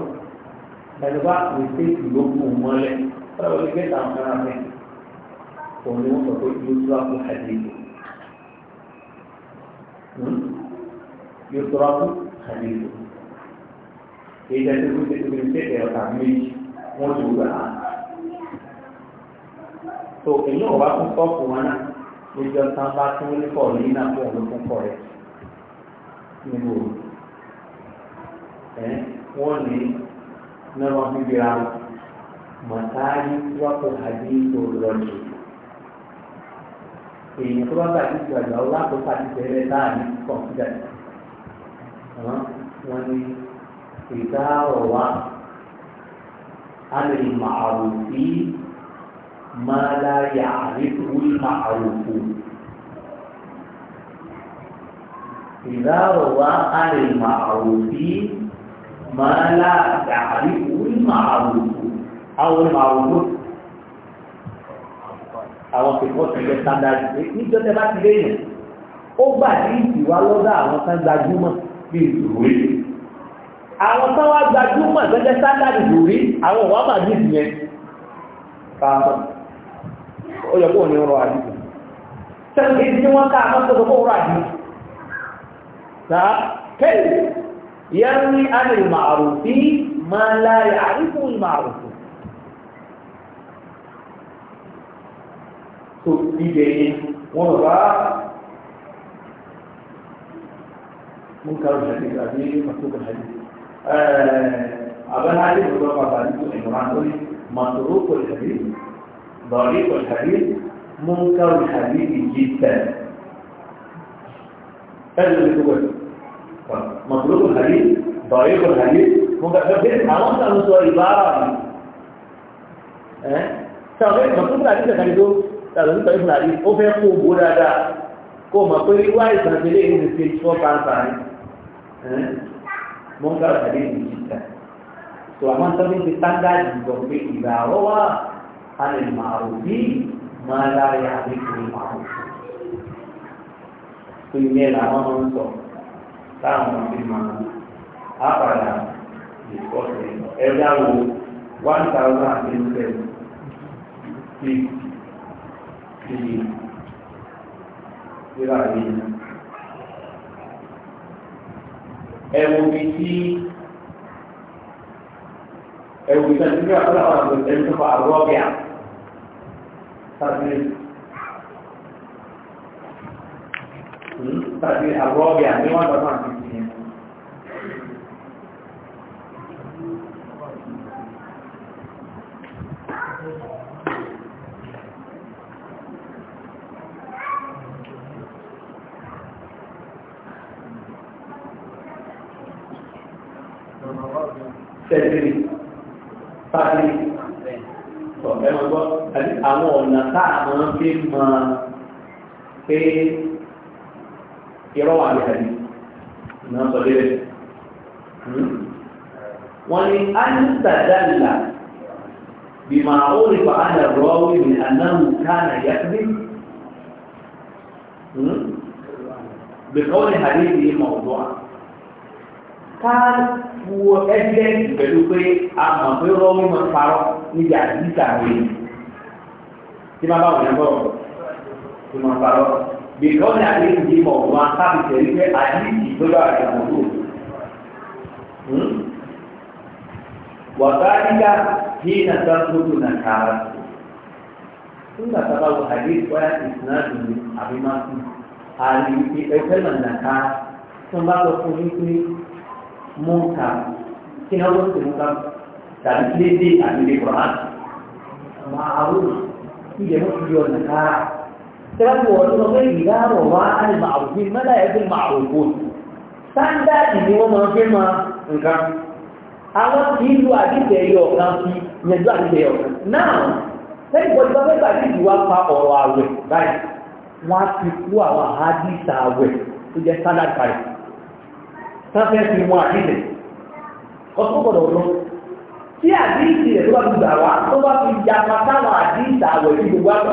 pẹ̀lú bá mistake ló kù mọ́lẹ̀ ọ̀rọ̀ orí kẹta nǹkan rẹ̀ òun ni wọ́n sọ pé yusra kú hadith hmm? yusra kú hadith èyí tẹ́tí kú tẹ́tí kú mistake ẹ̀rọ tàbí méjì wọ́n ti wúlò náà tó èyí ò bá tún sọ́ọ̀kù wọn náà lójú ọ̀sán bá tún ní kọ̀ọ̀lì náà fún òun ló tún kọ̀ rẹ̀ níbo ẹ wọ́n ní náà wọ́n fi gbéra màtáyí wọ́pọ̀ àdínkù lọ́jọ́ èèyàn tó bá bá àti ìgbàgbà ó lápò pàtí bẹ̀rẹ̀ láàrin kọ̀ǹpútà wọn ni ìdáhọ̀ wa alẹ́ màrùn sí máa láyà àríkú màrùn fún un. ìdáàrọ̀wá àrèmà àwòfí máa láàdà àríkù ìmà àwòfú àwọn ìmà àwòfú àwọn kìkọ́ ti jẹ́ sáńdájú níjọ́ tẹ bá ti léèyàn ó gbà ní ìwà lọ́dọ̀ àwọn tán gbajúmọ̀ bí ìròrí àwọn tán wá gbajúmọ̀ gẹ́gẹ́ sáńdájú ìròrí àwọn ìwà mà ní ìyẹn káàmọ́ ó yẹ kó ní ọrọ̀ àdìsí sẹ́yìn tí wọ́n ká àmọ́ tó kọ́kọ́ ọrọ̀ àdìsí فكيف يروي يعني عن المعروف ما لا يعرفه المعروف تبتدي مرة منكر الحديث هذه مكتوب الحديث أبا علي بن عبد الله عمران مطروق الحديث ضريق الحديث منكر الحديث جدا ẹ̀rù ní gbogbo ẹ̀ mọ̀tòlókò hàlí bọ̀ọ̀yẹ́kò hàlí mo gbàgbọ́ pé àwọn sàn sọ ìbára mi ẹ̀ sọ̀rọ̀ mọ̀tòlókò hàlí kàkà ní tó sàlọ̀ nípa ìfúnà yìí ó fẹ́ kó owó dáadáa kó o mọ̀ pé wá ìsàn tẹ̀lé ìlú ní stage four cancer ni mo ń gbàgbọ́ hàlí ní ìjìká tó pé ilé làwọn máa ń sọ táwọn fi máa á padà ìfọ̀sẹ̀ ẹ̀dá wo one thousand and ten cents ti ti ìlà yìí. ẹ wo bí tí ẹ wo tí wọ́n ti gbé àkọ́lá wọn àgbẹ̀ ẹ̀ ń tọ́ka àrùn ọ̀gẹ̀ à. tàbí àrọ́bì àní wọ́n lọ́nà àti ìsìn Tẹ̀lé, tàbí, ọ̀fẹ́ mọ́gbọ́, àwọn ọ̀nà táà mọ́ fi mọ́ pé irọ́ wà lẹ́yìn àdìsí náà sọ lẹ́yìn hmm? wọ́n ní anìsàdàlà bìmọ̀ àwọn olùkọ́ àdà rọ́ọ̀wì ní anáhùn kánà yàtí hmm? bẹ̀kọ́ ní àdìsí mọ̀ọ́dọ́ ká wo ẹgbẹ́ pẹ̀lú pé a mọ̀ pé rọ́ọ̀wì máa parọ́ níbi àdìsí àwọn tí máa bá wọn bọ̀ tí máa parọ́ bìkan ní àti ìdí mọ̀ wọn káàbì tẹ̀lé pé àdìsí tó bá rẹ̀ mọ̀ tó. Wàtálíkà kí nà sá tóbi nà kàrà. Nígbà tá a bá wọ àdìsí wáyà ìsìnà dùnú àbí máa kú. Àlè ẹgbẹ́ nà nà ká tó ń bá lọ fún mi pé mú ká kí náà wọ́n ti mú ká tàbí lédè àbí lè kọ̀ á. Màá àwọn ìdè mú fi yọ̀ nà kàrà. الكلام هو انه اذا روى المعروفين ما لا يجب المعروفون sáńdáàdì ni wọ́n máa fi máa àwọn tí ìlú àdìsẹ̀ ẹ̀yọ ọ̀kan fi yẹjú àdìsẹ̀ ẹ̀yọ ọ̀kan náà lẹ́yìn bọ́dí bábẹ́ bá na wá pa ọ̀rọ̀ àwẹ̀ báyìí wọ́n á ti kú àwọn àwẹ̀ tó jẹ́ sáfẹ́ fi gbọ́dọ̀ lọ tí rẹ̀ tó bá gbà wá tó bá fi àwẹ̀ tí gbogbo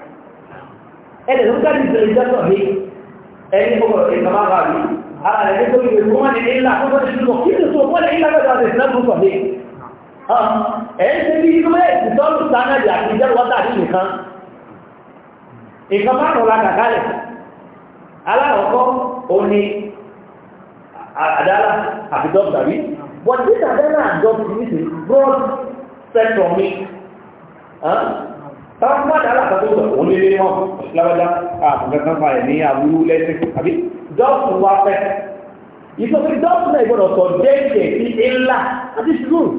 ẹ̀rẹ̀ ló gbájú ìṣẹ̀lẹ̀ ìjọ́sọ̀ mi ẹni kọ́kọ́ ìkàmá bá mi ara rẹ̀ tó yẹ kó wọ́n ní ilá kó wọ́n ti lọ kí ló sọ wọ́n ní ilá bẹ́ẹ̀ láti ìṣẹ̀lẹ̀ fún sọ̀dé ẹ̀ ń ṣe bí inú ẹ̀ ìtọ́lù sánàdì àti ìjẹ́rù wọ́n dàbí nìkan ìkàmá rọ̀ la kàkálẹ̀ alákọ̀ọ́kọ́ òun ni àdára àbídọ́ tàbí but this àdára àjọ ti ní ti broad spectrum mi táwọn bá dára àtàkó sọ òun lè lé wọn lábẹ́dá àbùkẹ́kẹ́ fa ẹ̀ ní àbúrú lẹ́sìn àbí dọ́ọ̀tù wa pẹ́ ìsọfún dọ́ọ̀tù náà gbọ́dọ̀ sọ déèkè sí ńlá àti sùúrù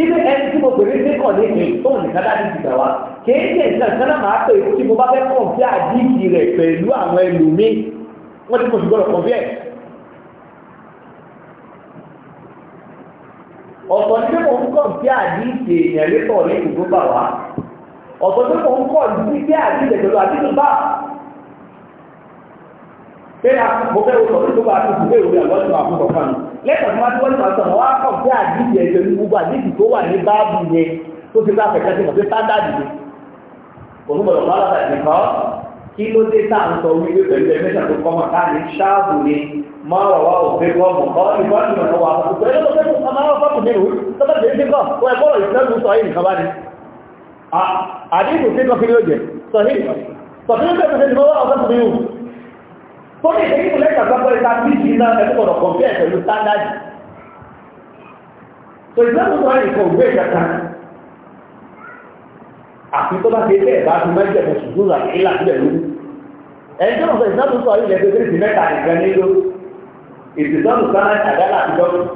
ilé ẹni tí mo pèrè ní kàn ní ìtọ́n nìkan láti dìgbà wá kéèké nǹkan kan náà máa pè é tí mo bá fẹ́ kàn fí àdíjì rẹ̀ pẹ̀lú àwọn ẹlòmíì wọ́n ti mọ̀ sí gbọ́dọ̀ fí ẹ̀ ọ̀tọ̀ ní mò ń kọ̀ sí àdíìsì èèyàn létọ̀ ní ìlú bà wá ọ̀tọ̀ ní mò ń kọ̀ sí sí àdíìsì ìjọba àdíìsì bá bẹ́ẹ̀ mo fẹ́ wọ́n sọ̀rọ̀ tó bá tó fún èrò ìyàwó ọ̀sán àfún ọ̀kan nù lẹ́tọ̀ tí wọ́n ti wọ́n ti sọ̀rọ̀ wọ́n á kọ̀ sí àdíìsì ẹ̀jẹ̀ ní gbogbo àdíìsì tó wà ní báàbù yẹn tó ti bá fẹ̀kẹ́ sí mọ̀ sí sándàdì ni òun bọ̀dọ̀ kí ló dé tá à ń sọ wípé pẹ̀lú ẹ̀mẹ́ta tó kọ́ mọ̀ káàdì ṣáàbù ni máa wà wá òfin kọ́ mọ̀ ọ́ ìgbà tí wọ́n wà fún pẹ̀lú ọmọ pẹ̀lú ọmọ àwọn fọ́ọ̀mù ní ìwé tọ́lá jẹ́ ní kọ́ ọ ẹ̀kọ́ ọ̀rọ̀ ìṣẹ́ ló sọ yìí nìkan bá ní. àdínkù sí kọfí ló jẹ sọ yìí sọ fí ló jẹ pẹ̀lú ìmọ̀ wà ọ̀sán tuntun yìí. tó ní ìdí ìpínlẹ̀ ìtàgbàgbọ́ ìta àfi tó bá ti bẹ́ẹ̀ bá ti máa jẹ̀mọ̀ ṣùgbọ́n àti ìlà sílẹ̀ lógún ẹjọ́ ọ̀sẹ̀ ìsọ́nù sọ ilẹ̀ tó kéré sí mẹ́ta nìkan ní ló ìsìsọ́nù sáná àdálà àti lọ́dún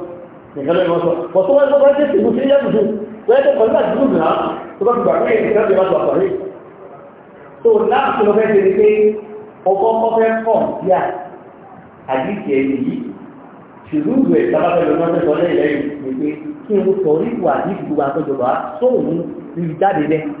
nìkan ló ń sọ pọ̀ tó wọ́n tó wọ́n tẹ̀sí ìbùsí yẹn tuntun tó yẹ kó pẹ̀lú àti gbùgbù náà tó bá gbà pé ìsìsọ́nù ti bá tó àkọ́rí. tó náà tó lọ fẹ́ ṣe ni pé ọkọ̀ kọfẹ́ pọ̀ díà àdìsẹ́ yìí ṣùgbọ́n ìwé ìtàbàbẹ̀lẹ̀ lọ́sẹ̀ sọ lẹ́yìn ni pé kí n sọ orí ìwà àdìsẹ́ gbogbo àtọ́jọba sóòrùn ìjáde lẹ́yìn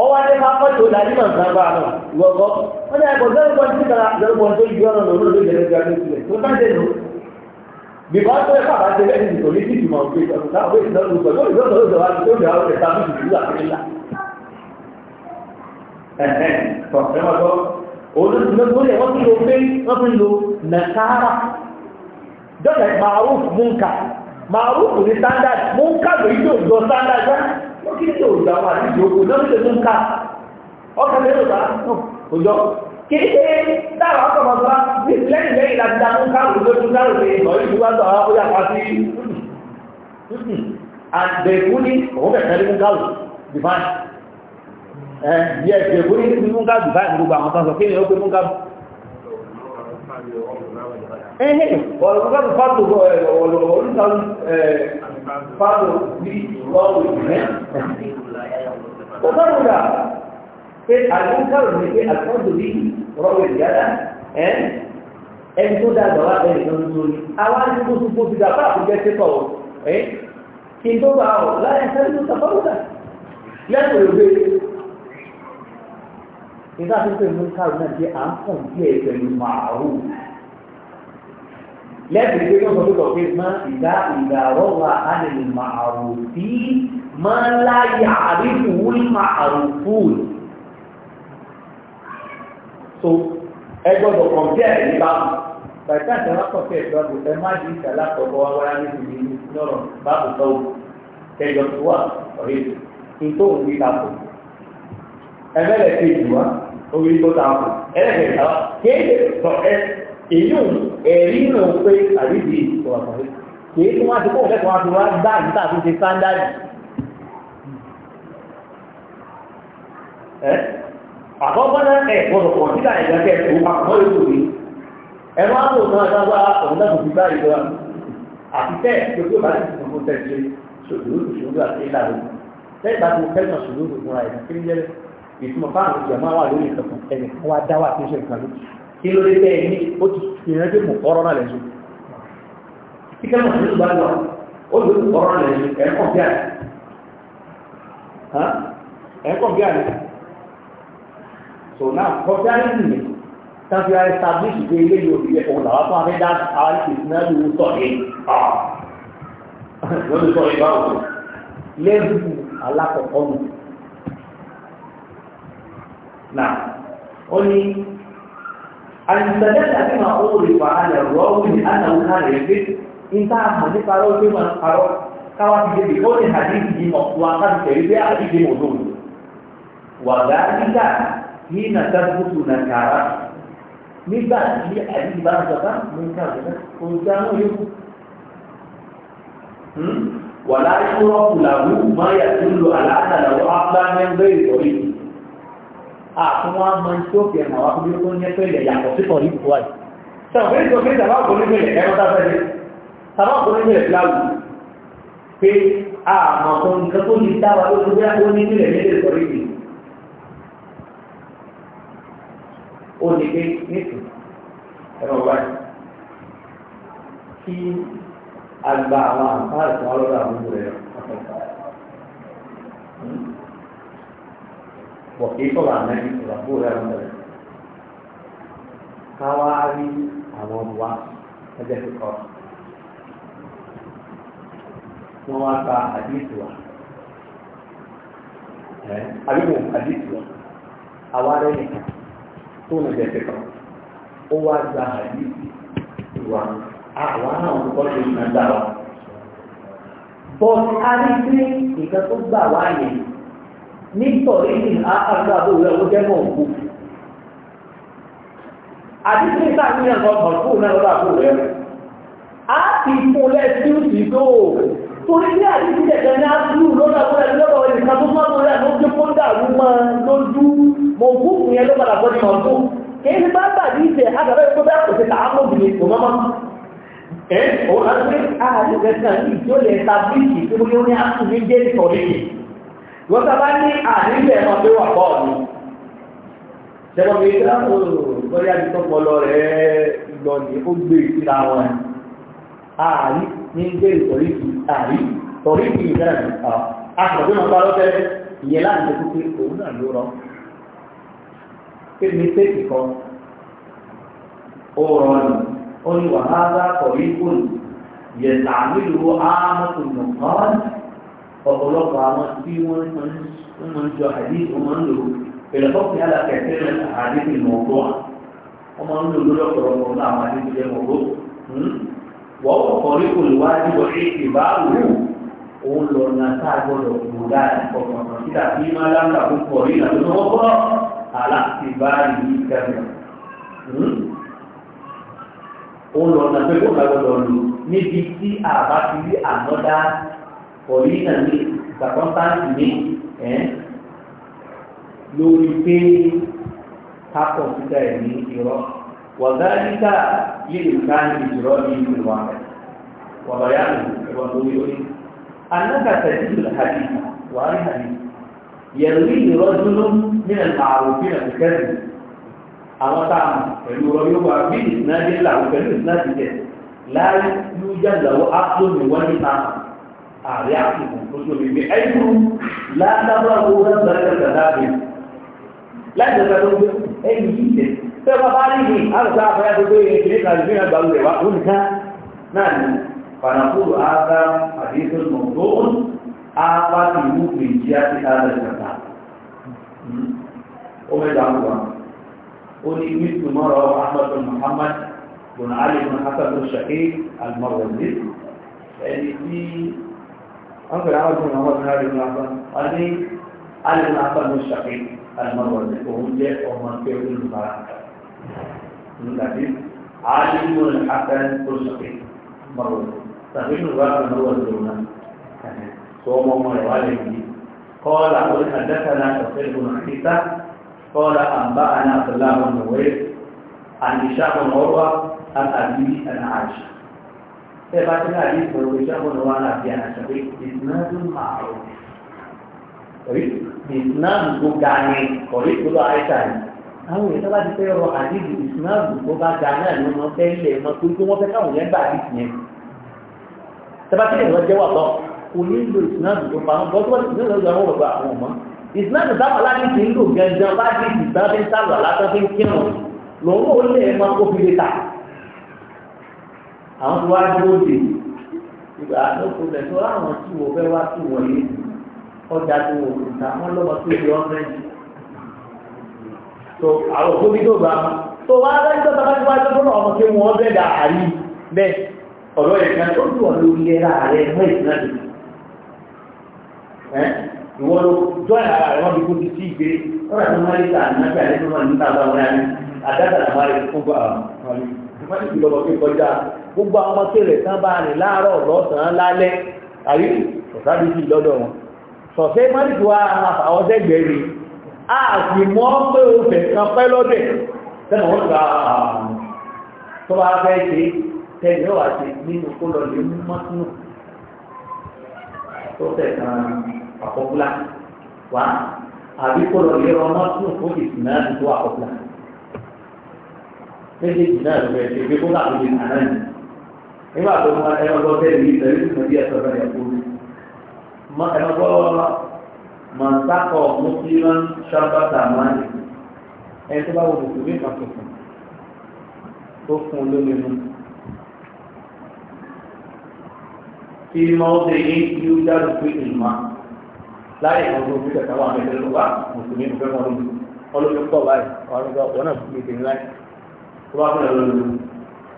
ọwọ́ adé máa kọ́ tó dájú náà sábà náà lọ́kọ́ wọ́n ní ẹ̀kọ́ zero point six náà zero point eight yọ̀ọ̀nà ló ló lè lè gbàgbé sílẹ̀ tó bá dé lò. bìbá tó ẹ fà bá ṣe bẹ́ẹ̀ ní ìtòlí sí ìtumọ̀ òkè ìtọ́jú náà wọ́n ìtọ́jú ló sọ yóò yóò tó lọ́sọ̀ wá tó dà ó lè tábí ìlú àkínlá. ẹ̀hẹ́n tọ̀sẹ̀ wọn lọ olùdókòlè wọ́n tún lo pé wọ́n tún lo nàkàrà dọ́kẹ̀ màrúf múnkà màrúf ní standard múnkà lóyún ò kí ní òjò àwọn àdíjì òkú lọ́sílẹ̀ tó ń ká ọkà lè rò bá òjò kí ní dára ọkọ̀ mọ̀sọ́lá ní lẹ́yìn lẹ́yìn láti dá ń ká òjò tó dárò pé ìmọ̀ yìí wá sọ àwọn ọkọ̀ sí àgbẹ̀kú ní òun bẹ̀rẹ̀ ní múkà òjò divine ẹ̀ yẹ ìgbẹ̀kú ní múkà divine gbogbo àwọn kan sọ kí ni ó pé múkà ẹ̀hẹ̀ ọ̀rọ̀ múkà tó ọ̀rọ̀ follow me, follow him. Umaruna, pé àlùkàrò ní pé àtọ́jú bí rọ́wẹ̀ ìyára ẹ́ ẹni tó dá àgbàwá ẹni tó ń lórí. Àwọn àdúgbò tó gbòdì dàbà àkùjẹ tẹ́kọ̀ ọ̀ ẹ́ kí n tó bá ọ̀ láyé sẹ́ni lẹ́sìn pé wọ́n sọ pé pé má ìdá ìdá rọ́wà ánìlì màrùfí má láyà àríkù wúlì màrùfú so ẹ gbọ́dọ̀ kọ̀ǹtẹ́ ẹ̀ nípa bàtà ìjọba kọ̀ǹtẹ́ ìjọba ẹ má di ìṣẹ̀lá kọ̀ọ̀kọ̀ wá wáyá ní ìlú lọ́rọ̀ báàbò tọ́wọ́ kẹjọ tó wà ọ̀rẹ́ tó ń gbé tàbọ̀ ẹgbẹ́ rẹ̀ kejì wá orí tó tàbọ̀ ẹlẹ́gbẹ̀ta kéde sọ èyí ẹ̀rí náà pé àríbi ìwà pàdé kìí tó wá ti kó òfẹ́ tó wá ti wá gbá ìta tó ti sáńdáàdì ẹ́ àkọ́kọ́ náà ẹ̀ gbọ́dọ̀ pọ̀ sí àìyá kẹ́ tó àkọ́kọ́ ètò rí ẹ má tó tán àtàgbà ọ̀hún náà kò fi gbá ìjọba àti tẹ́ tó tó bá ti tó tó tẹ̀ sí ṣòdòdò ṣòdòdò àti ìlànà tẹ́ẹ̀ bá ti mo fẹ́ràn ṣòdòdò fúnra ẹ̀ kí ń jẹ́ ìtumọ̀ fáwọn ìjọba wà lórí ìkọ̀kan ẹnì kan wá dá wà tó ṣe nǹkan lókè kí ló dé bẹ́ẹ̀ ní ó ti ìrìn pé mò kọ́rọ́ náà lẹ́sùn tí kẹ́lọ́ sí ìgbà lọ ó lè mò kọ́rọ́ náà lẹ́sùn ẹ̀kọ́ bí àlẹ́ ẹ̀kọ́ bí àlẹ́ so now kọfí àlẹ́ sì ní tàbí àlẹ́ establish pé ilé yóò fi ẹ̀kọ́ làwọn fún abẹ́ dá àwọn ìṣèṣin náà ló sọ ní wọ́n lè sọ ìgbà òkú lẹ́bù alákọ̀ọ́nù náà ó ní الاستدلال بما عرف على الراوي انه كان يكذب انتهى حديث قالوا كما قالوا قالوا في بكون حديثه مطلقا كيف حديث موضوع وذلك حين تثبت نكارته nígbà tí àyè bá ń sọ̀tà ní káàdùnà oúnjẹ àwọn yòókù. wàlá ìkúrọ̀kù làwù máa yà tó lò àlàáta làwù ápá mẹ́ńgbẹ́ ìtọ́rí àtúnwá máa ń tó fi ẹ̀mà wá fún bí ó ní ẹ̀fẹ́ ilẹ̀ yàtọ̀ sí kọ̀ yìí buwáyì sọ̀rọ̀ pé ìjọba ìjọba kò ní bẹ̀rẹ̀ ẹ̀rọ tá fẹ́ẹ́ sábà kò ní bẹ̀rẹ̀ láwù pé àmọ̀ tó nǹkan tó ní dáwà ló ti bí ó ní bẹ̀rẹ̀ ní ilé ìsọ̀rí yìí ó ní pé nítì ẹ̀rọ wáyì kí àgbà àwọn àǹfààní kan lọ́dọ̀ àwọn ìgbò rẹ̀ ọ̀pọ̀ pọ̀kì sọ̀rọ̀ ànábi sọ̀rọ̀ àbúrò rẹ̀ ń bẹ̀rẹ̀. káwá rí àwọn wa ẹgbẹ́ tó kọ́. wọ́n wá ka àdìsí wa. àbíwò àdìsí wa. àwa rẹ̀ nìkan tó nà jẹ́ pẹ̀kọ́. ó wá gba àdìsí wa. àwa nítorí ní àkàrà àbúrò ẹ̀wọ́ jẹ́ mọ̀ òkú àti tí nígbà ní ẹ̀kọ́ ọ̀pọ̀ náà lọ́dọ̀ àbúrò ẹ̀ á ti fún lẹ́síùsì tó torí ní àti tí ẹ̀kẹ́ ní àbúrò lọ́dọ̀ àbúrò ẹ̀ lọ́dọ̀ ẹ̀ nìkan tó máa lórí àwọn tó fún dàrú máa lójú mọ̀ òkú fún yẹn ló padà bọ́dí mọ̀ òkú kìí ní bá bàbí ìṣẹ̀ àgbàbẹ́ tó bá kò sí tàá mọ́ bìnrin tó mọ́mọ́ ẹ̀ òun àti tí àti wọ́n sábà ní àníbẹ̀ ẹ̀mọ́ pé wà bọ́ọ̀lù ṣẹlẹ̀ mi ìdá òòrò bóyá ibi tó pọlọ rẹ̀ lọ ní ó gbé ìsira e wọn ẹ̀ ààrí ní gbé ìtọ́rí ti ààrí tọ́rí ti ìdára ti pa àkọ́bí wọn bá lọ́fẹ́ ìyẹn láti lè kú òun náà ló rọ pé mi tètè kọ ó rọ ni ó ní wàhálà kọ̀rí kùn yẹ̀ta nílùú ámọ́tò nìkan ọ̀pọ̀lọpọ̀ àwọn tí wọ́n máa ń jọ àdí ọmọ ń lò pẹ̀lú ọ̀pọ̀ yàrá kẹ̀kẹ́ rẹ̀ àdé ti mọ̀ ọ́ ọmọ ń lò lórí ọ̀pọ̀lọpọ̀ ní àwọn àdé ti jẹ́ mọ̀ ọ́ hmm? wọ́n kọ̀kọ́ rí olùwádìí wọ́n ṣe ìbáwò òun lọ hmm? òun lọ na pé kó ká gbọ́dọ̀ lò níbi pọ̀lìnà ní ìsàkọ́ntáǹtì ní ẹ̀ lórí pé kápọ̀ síta ẹ̀ ní irọ́ wàdáríkà yìí ká ní ìjírọ́ ní ìlú wa wàbáyá ẹ̀wọ̀n lórí orí anágàtà ìlú àdìsí wàhálì àdìsí yẹ̀rí ìrọ́dúnú ní àrùfin àtìkẹ́sì àwọn táàmù pẹ̀lú ọ̀rọ̀ yóò wá bí ìsinadé làwọn pẹ̀lú ìsinadé jẹ láàrín ló jẹ́ ápùlù níwọ́n ní táàmù ààrẹ àkùnkùn tó tó lè gbé ẹ̀yìn látàbà owó lẹ́gbẹ̀rẹ̀ kàdáàbì láti ọ̀sẹ̀ tó gbé ẹ̀yìn yìí tẹ̀ tẹ́ bá bá rí ní àrùsá àfẹ́ tó gbé ẹ̀yìn kìí kàrí fún ẹgbàá rẹ̀ wá ó nìkan náà ni fanafúrú ààbá àdéhùn mọ̀tòún ààbá ti mú èjì àti ààrẹ kàdá ó mẹ́ta ń wà ó ní mísù mọ́rọ̀ ahmed muhammad bùnà alì muhammad shaheed almarwazi ẹni tí فقال عمر بن عمر بن عبد قال لي عبد العفان مستقيم المروزي وهم جاء في ابن المبارك لكن الحسن مستقيم مروزي تقيم الغرب مروزي هنا ثم هم يوالي قال قل حدثنا تصير بن حيثة قال أنبأنا عبد الله بن عن هشام بن عروة عن أبي عن عائشة tẹ́ bá tẹ́lẹ̀ àdé ìfọ̀rọ̀ pé sábọ̀nà wà láàbí àṣà pé ìsinádùn máa rọ̀ rí ìsinádùn tó ga ni kọ̀rí tó lọ àìsà yìí àwọn èèyàn sábà ti fẹ́ rọ àdéhù ìsinádùn tó bá ga náà ni wọ́n fẹ́ lẹ̀ mọ́ torí pé wọ́n fẹ́ káwọn yẹn gbà àdéhù yẹn tẹ́bá tẹ́lẹ̀ wọ́n jẹ́wọ́ àbọ̀ kò ní lo ìsinádùn tó pa bọ́ tó bá ti nílò àwọn ọ̀gbà àwọn ọ̀mọ́ ìsinádùn táwọn aláàbí ti ń lò àwọn tó wá dúró dè ìgbà àdókò rẹ̀ tó láwọn tí wò fẹ́ wá sí wọ̀nyí ọjà tó wò kò ta wọ́n lọ́wọ́ tó di ọ́nrẹ́jì tó àwọn òkú bí tó bá tó wá rẹ́ tó bá wá tó bọ́nà ọmọ tó wọ́n bẹ́ẹ̀ dà àrí bẹ́ẹ̀ ọ̀rọ̀ yẹn kan tó ń wọ̀ lórí ẹ̀rá rẹ̀ mọ́ ìsìnà tó ìwọ ló jọ ara rẹ̀ wọ́n fi kó ti sí ìgbé ọ̀rọ̀ tó máa ń ta ànágbé àlejò náà níta bá wọn rẹ̀ àdáta làwọn rẹ̀ kó gbà wọn. ìfọ̀nìkì lọ́wọ́ kí kọjá gbogbo àwọn ọmọ tèrè kan bá rìn láàárọ̀ lọ́sàn-án lálẹ́ àrí ọ̀sádìsí lọ́dọ̀ wọn sọ̀fẹ́ mọ́lìkù wa àwọn ọ̀sẹ́gbẹ̀ẹ́ rí a sì mọ́ pé o fẹ̀ kan pẹ́ lọ́dẹ̀ tẹ́nà wọ́n gba tó bá fẹ́ ṣe tẹ́lẹ̀ wà ṣe nínú kó lọ lè mú mọ́tínú kó lọ lè náà tó àkọ́kúlá méjèèjì náà lọ bẹ̀rẹ̀ ṣe gbé kó láàrín ìsìn náà nígbà tó mọ ẹran gbọ́ bẹ́ẹ̀ yìí pẹ̀lú ìtumọ̀ bí ẹ̀sọ́ bẹ́ẹ̀ kú mọ ẹran gbọ́ mọ̀nsákọ̀ mùsùlùmí sábàtà mánì ẹni tó bá wọ mùsùlùmí kan tuntun tó fún un lómi mú. tí mọ́ọ́dé yìí yóò dárò pé ìmọ̀ láyé kan tó fi kẹta wà mẹ́tẹ́lẹ́ ló wá mùsùlùmí kò fẹ́ mọ́ pọ̀ báyìí ọ̀rọ̀ wọn náà fi tó bá fún ẹ lómi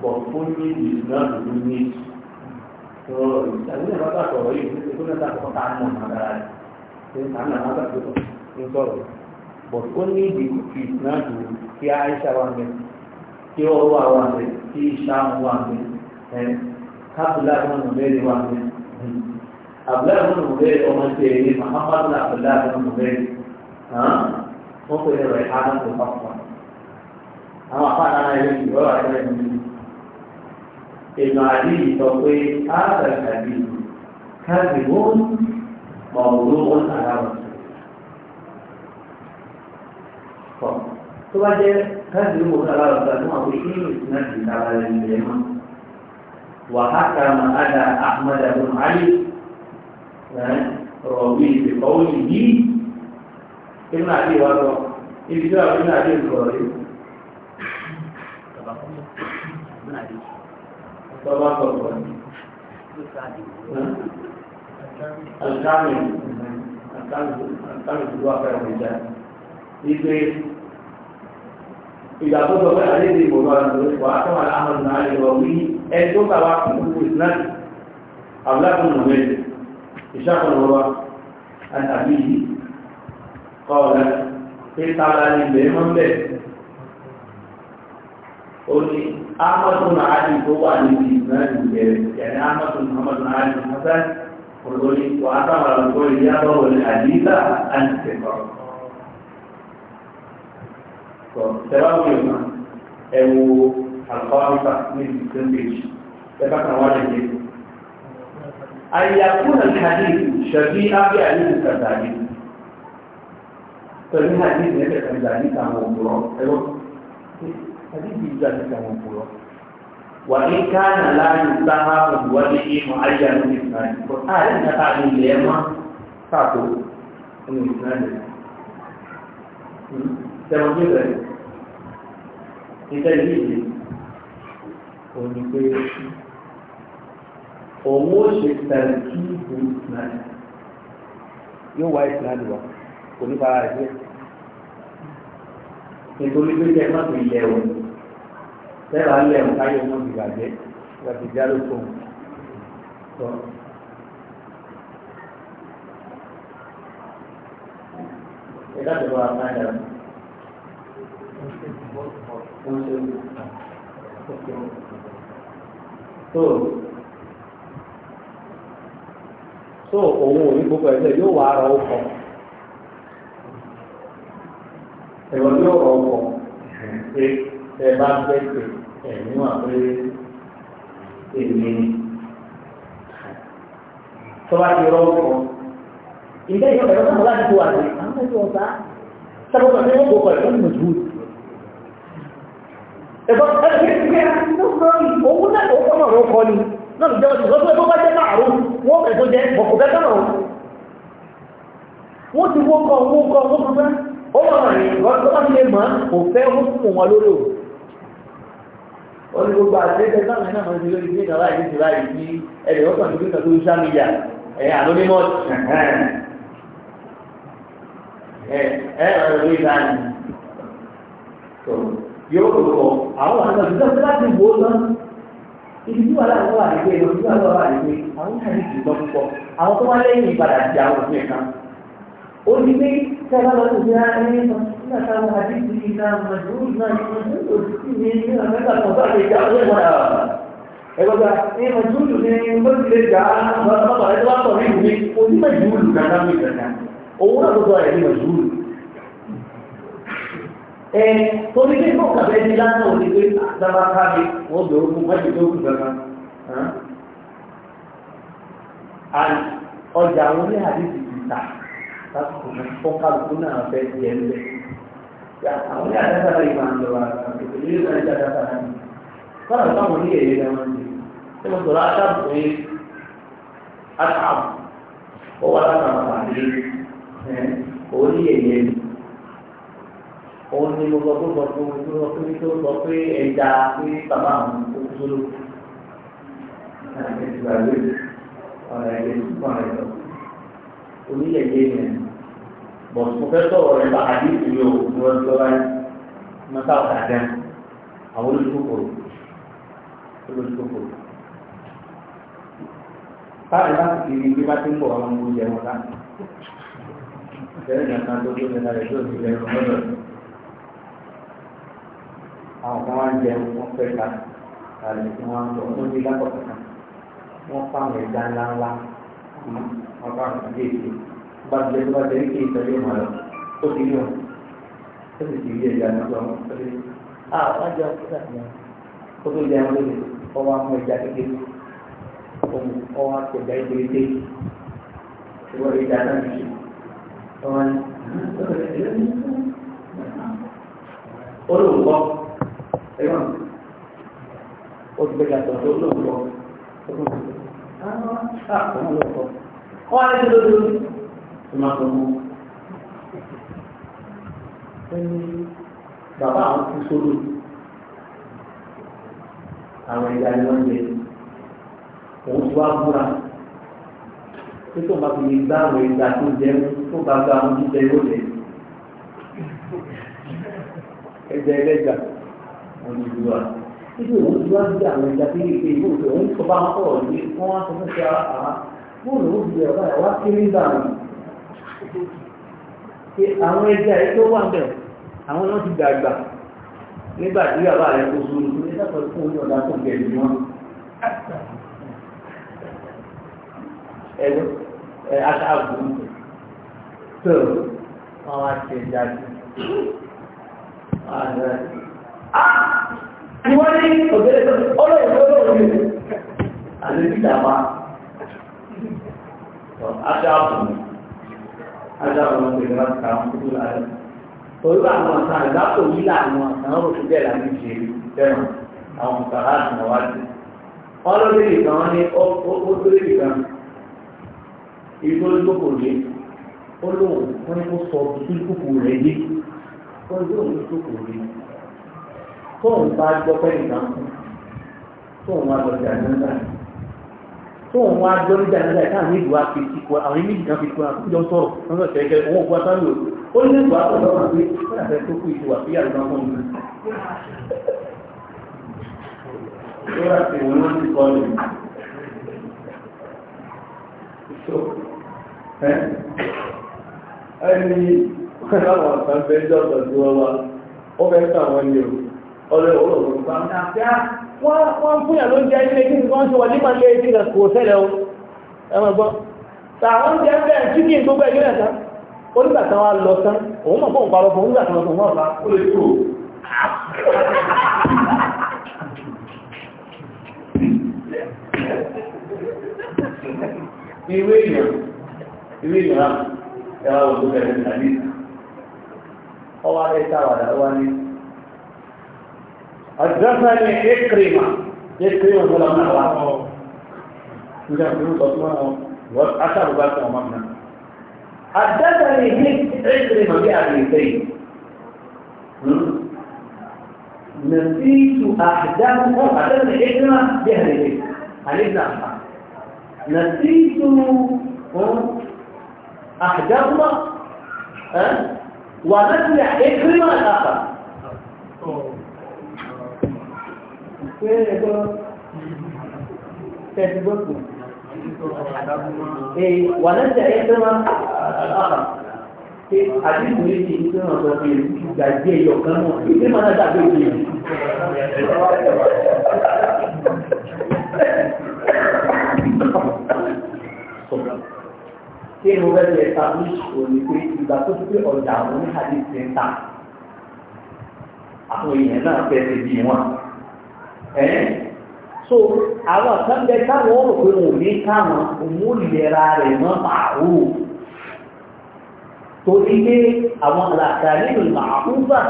portfolio Islam dunia. So, ini apa tak tahu ini, itu nanti aku tanya mana. Ini tanya apa tu? Ini sorry. Portfolio di Islam tu, si Aisyah wangi, si Orwa wangi, si Syam wangi, eh, Abdullah bin Ubaid wangi. Abdullah bin Ubaid orang sini Muhammad bin Abdullah bin Ubaid. Ha? Mungkin ada rehanan tu apa? Awak apa nak ini? Awak ada ini? èèyàn àdé ìsọ pé ábàkàdé káàdì wọ́n mọ̀ọ́rọ́ wọn ara wọn. Pọ̀ tó bá jẹ́ káàdì wọ́n ara wọn tàbí wọn pé kí ni ìsìnà ti dára lẹ́nu rẹ̀ mọ́. وحكم على أحمد بن علي رضي بقوله ابن أبي وقع ابن أبي القرآن tọ́lá tọ̀tọ̀ alikámi alikámi tó afẹ́rẹ́ mi jẹ́ ipe ìgbà tó sọ pé àlejò ìbòmọ́ àti wà á tọ́wà láàmùn náà ìwọ̀ wí ẹ tó kàwá kúkú ìsìláàmù àbúláàmù nàmẹ́lì ìṣàkùn tààlà ilẹ̀ mọ́ bẹ́ẹ̀ ó ní أحمد بن علي هو الإمام يعني أحمد بن محمد بن علي بن حسن والقولي وأعتبر القول يابه الحديث أن تكبر سبب يوم أو الخامسة من السنبيش يبقى نواجه أن يكون الحديث شبيها بحديث التزاهي فالحديث يبقى التزاهي كان موضوع hadithi ìjáde kan wọn kúrọ wà ní káàna láàyè sáhámù wọlé ìmọ̀ ayé àwọn ìsìnláì kò táàrí nígbà ní ilẹ̀ ẹ̀mọ́ juga, ní ìsìnláì tẹ̀wọ́n tó bẹ̀rẹ̀ nítorí ìdí òun ni pé òun ó ṣe tẹ̀lé kí ìbò ìsìnláì yóò wá ìsìnláì wá kò ní tẹ́lá lẹ̀ ń káyọ̀ mọ́ ìgbàgbé wọ́n ti já ló fún un. ẹ dábòó wa máa So, so òun ò ní gbogbo ẹgbẹ́ yóò wá ara ọkọ̀ ẹ̀rọ yóò rọ ọkọ̀ ṣe tẹ bá gbẹ̀gbẹ̀ ẹ̀yìn wà pé èmi tó bá ti rọ́ọ̀kọ́ ìdẹ́ ìyọ̀ ẹ̀rọ náà láti tó àdé àwọn ẹ̀jọ̀ ọ̀tá sábà pàṣẹ wọn kò pàṣẹ wọn mọ̀jú. ẹ̀fọ́ ẹ̀fẹ́ owó náà owó kọ́nà ọ̀rọ̀ kọ́ náà lè jẹ́ ọ̀sẹ̀ lọ́sọ̀ bá jẹ́ márùn wọ́n fẹ̀ tó jẹ́ bọ̀kọ̀ bẹ́ẹ̀ náà wọ́n ti wó kọ́ wó kọ́ wó kọ́ fẹ́ ó wà rìn bá ti lè mọ̀ kò fẹ́ ó fún wọn lórí òun ó ní gbogbo àtẹ́tẹ́ sáwọn náà máa ń lórí ilé ìjọba yìí ti báyìí ní ẹ̀rẹ̀ ọ̀sán tó kíkà tó ń sàmìyà ẹ̀ anonymous ẹ̀ ẹ̀ ọ̀rọ̀ lórí ìlànà yóò kọ̀ àwọn àgbà tó dáa láti wò ó náà ibi tí wàhálà wọn wà nígbè lọ sí wàhálà wà nígbè àwọn náà ní ìgbọ́ púpọ̀ àwọn tó wá lẹ́yìn ìpadà di àwọn òfin kan ó ní pé sẹ́wọ́n nígbà táwọn àdínkù ní ìlànà mọ̀júrù náà ní mọ̀júrù òtítì ní ìlú àmẹ́ta kan bá lè jà ọ̀rẹ́ wọn àrà ẹgbẹ́gbẹ́ ní mọ̀júrù ní mọ̀júrù jà bàbá ẹgbẹ́ wọn ní ìwé onímọ̀júrù nàdá mi gàdá owó náà lọ́dọ̀ ẹ̀ ní mọ̀júrù. ẹ torí pé kọ́ kàbẹ́ ní lánàá òní pé àdábá káàdì wọ́n bẹ̀rù fún wájú tó àwọn ní àdáta lè máa ń lọ wa àtòkò ní ìlú àti àdáta náà ni kọ́nà táwọn ní èyí náà wọ́n ti ṣé mo sọ̀rọ̀ aṣáàbù pé aṣáàbù ó wà láti àwọn àlè òun ní èyí ni òun ni mo sọ pé mo sọ pé mo sọ pé tó sọ pé ẹja pé bàbá àwọn òkúsọ́lọ́ ọ̀rẹ́ ẹgbẹ́ ọ̀rẹ́ ẹgbẹ́ oníyẹ̀yẹ́ yẹn bọ̀dù mo fẹ́ sọ̀rọ̀ rẹ̀ bá àdéhùn yìí o mo rẹ̀ tó bá mo sá ọ̀tà dẹ́n àwọn olùdókòrò olùdókòrò. báyìí láti fi ní bí bá ti ń bọ̀ àwọn ọmọ oúnjẹ wọn lá. ìṣẹ̀lẹ̀ ìjàkan tó gbé nílá rẹ̀ tó ti lẹ́nu lọ́dọ̀ àwọn kan wá ń jẹun wọn fẹ́ ta àlè tí wọ́n á lọ wọ́n ní lápapọ̀ kan wọ́n fáwọn ẹ̀dá ńláńlá wọ́n bá tilẹ̀ tó bá tẹ̀ ní kí ìtẹ̀lé ọmọ rẹ̀ ó ti rí ọ̀ ó sì ti rí ẹ̀yà ní ọmọ rẹ̀ à wọ́n jẹ́ ọ̀kúta ní ọ tó jẹ́ ọmọ rẹ̀ ọwọ́ amú ẹja kékeré ọwọ́ àtẹ̀já ìgbèrèdè ìwọ ìjà náà ti ọwọ́ ní olùkọ́ ẹ̀rọ ó ti gbẹ́gà tọ̀tọ̀ olùkọ́ ó ti gbẹ́gà tọ̀tọ̀ ọwọ́ àti olùkọ́ tó máa sọ mọ́ ó ní bàbá àwọn kú sódò àwọn ẹ̀dá ni wọ́n jẹ òun ti wá búra pé tó bá fi lè gbá àwọn ẹ̀dá tó jẹ tó bá gba àwọn jíjẹ yóò jẹ ẹ̀jẹ̀ ẹlẹ́gbà wọn ti lu wa òun ti wá sí àwọn ẹ̀dá tó yẹ pé òun tó bá ń kọ̀ ní wọ́n wá sọ fún ṣe àwọn àwọn bóòlù ó ti bẹ̀rẹ̀ báyìí wá kéré gbà pé àwọn ẹgbẹ́ ayé tó wà bẹ̀rù àwọn náà ti dàgbà nígbà tí bàbá rẹ̀ kó sórí tó nígbà fún òní ọ̀dà tó wọn. tó wá ṣe ní adáwọn ọmọdé máa ta àwọn tó tó lára torí àwọn ọ̀sán àgbákò yìí làwọn ọ̀sán ó ti bẹ̀rẹ̀ àmì ṣe fẹ́ràn àwọn sàrà àtìmọ̀wájú ọlọ́dún ìkan ní ó tó lè kan ìgbóríkòkò lé ó lóun wọn ni kó sọ ìgbóríkòkò rẹ̀ yé ó lóun ìgbóríkòkò rẹ̀ tóun bá gbọ́ pẹ́ nìkan tóun wá lọ sí àjọ́ńdà yìí. tó ń wá jọ nígbà nígbà ìlú wa fi àwọn méjì kan fi kọ àwọn ìjọ sọ̀rọ̀ wọn sọ ìṣẹ̀lẹ̀ wọn kọ ó ní ìgbà tó lọ pé wọn tó kú ìṣòwò àti yàrá fún mi. lọ́wọ́ àti ìwé wọn ti kọ́ lè. ẹni káwọn àtàǹfẹ́ wọ́n fún yàn ló ń jẹ ilé kí nǹkan ṣe wà nípa ilé ìdí rẹ̀ kò ṣẹlẹ̀ o ẹ̀wọ̀n gbọ́ tàwọn jẹ bẹ́ẹ̀ tí kí n gbogbo ẹ̀yìn rẹ̀ tán onígbà tán wá lọ tán òun mọ̀ fóun parọ́ fún onígbà tán wọ́n bá ó lè tó حدثني إكرمة إكرمة سلام الله وأشهر ذلك أمامنا حدثني إكرمة بأبيتين نسيت احداثه حدثني إكرمة بأبيتين عن ابن نسيت أحدهما ونسي إكرمة الآخر pé ẹgbọ́ tẹ̀sígbọ́kù wà lẹ́sẹ̀ ẹgbẹ́ wa pé àdínkù yìí ti ń sọ̀rọ̀ sọ pé ìgbàgbé ẹyọ kan náà ìgbé máa dàgbé ìgbé Kí ni mo fẹ́ ṣe establish òní pé ìgbà tó ti pé ọjà àwọn oníhàdí àwọn èèyàn náà fẹ́ ṣe bí wọn so àwọn kan bẹ táwọn ọ̀rọ̀ pé wọ́n ní káwọn òmúlera rẹ̀ mọ́ màáwù torí pé àwọn àlàkà nínú màáwù bá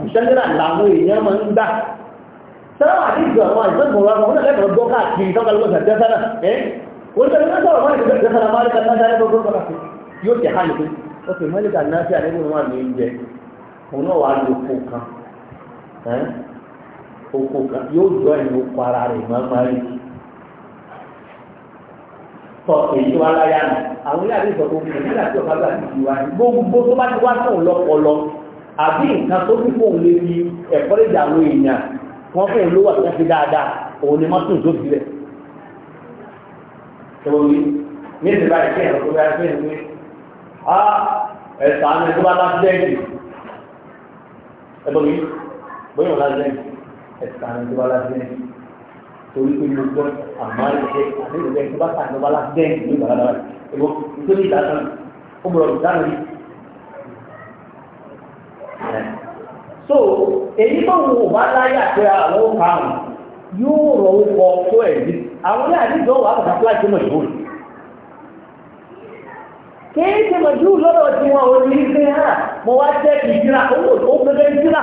ìṣẹ́lẹ̀rà làwọn èèyàn máa ń gbà sáwọn àdíjọ àwọn ìṣẹ́gun wa wọn lẹ́kọ̀ọ́ gbọ́ káàkiri tọ́kàlùkọ̀ ìṣẹ́sára ẹ́ wọ́n tẹ́lẹ̀ sọ̀rọ̀ wọn ìṣẹ́sára máa ríka náà sáré gbogbo kọ̀ọ̀kan yóò tẹ̀ hàn pé ó fi mọ́lẹ́kà náà sí àdébùn wọn ní oúnjẹ òun náà wà á lò kó kan oko kan yóò jọ ẹ̀yìn oko ara rẹ̀ mọ́mọ́rin tọ èyí wa láyà nù àwọn ilé àdéhùn tó fi nígbà tí ọba gbà ti di wa ní gbogbo tó bá ti wá náà lọ́pọlọ àbí nǹkan tó fi fóun lè fi ẹ̀kọ́ lè dà àwọn èèyàn wọ́n fẹ́ lówó àti wọ́n dáadáa òun ni mọ́tò tó fi rẹ̀ torí ní ìsìnká ìpín ẹ̀rọ tó bá ẹgbẹ́ ìwé a ẹ̀sán ni tó bá bá dẹ́ẹ̀kì ẹ̀bọ̀n mi bóyá ọ̀la dẹ́ẹ̀kì ẹ̀ka ní tó bá lásìkò ẹ̀ torí pé mo gbọ́ àmọ́ ẹ̀jẹ̀ àti ìrẹ̀lẹ̀ tó bá kà ní tó bá lásìkò ẹ̀ ní ìgbà lára ẹ̀wọ́ nítorí ìdáná ó mọ̀ ọ́ ìdáná yìí. so èyí tó wù ú bá láyé àti àwọn òkà àwọn yóò rọ ọkọ tó ẹ̀dí àwọn ilé àdìjọ wà bàtà fúláṣí mọ̀ ìbò kéèké mọ̀jú lọ́dọ̀ tí wọn ò ní í gbé hàn ah, mo wá jẹ́ ìdíra owó tó gbẹgbẹ́ ìdíra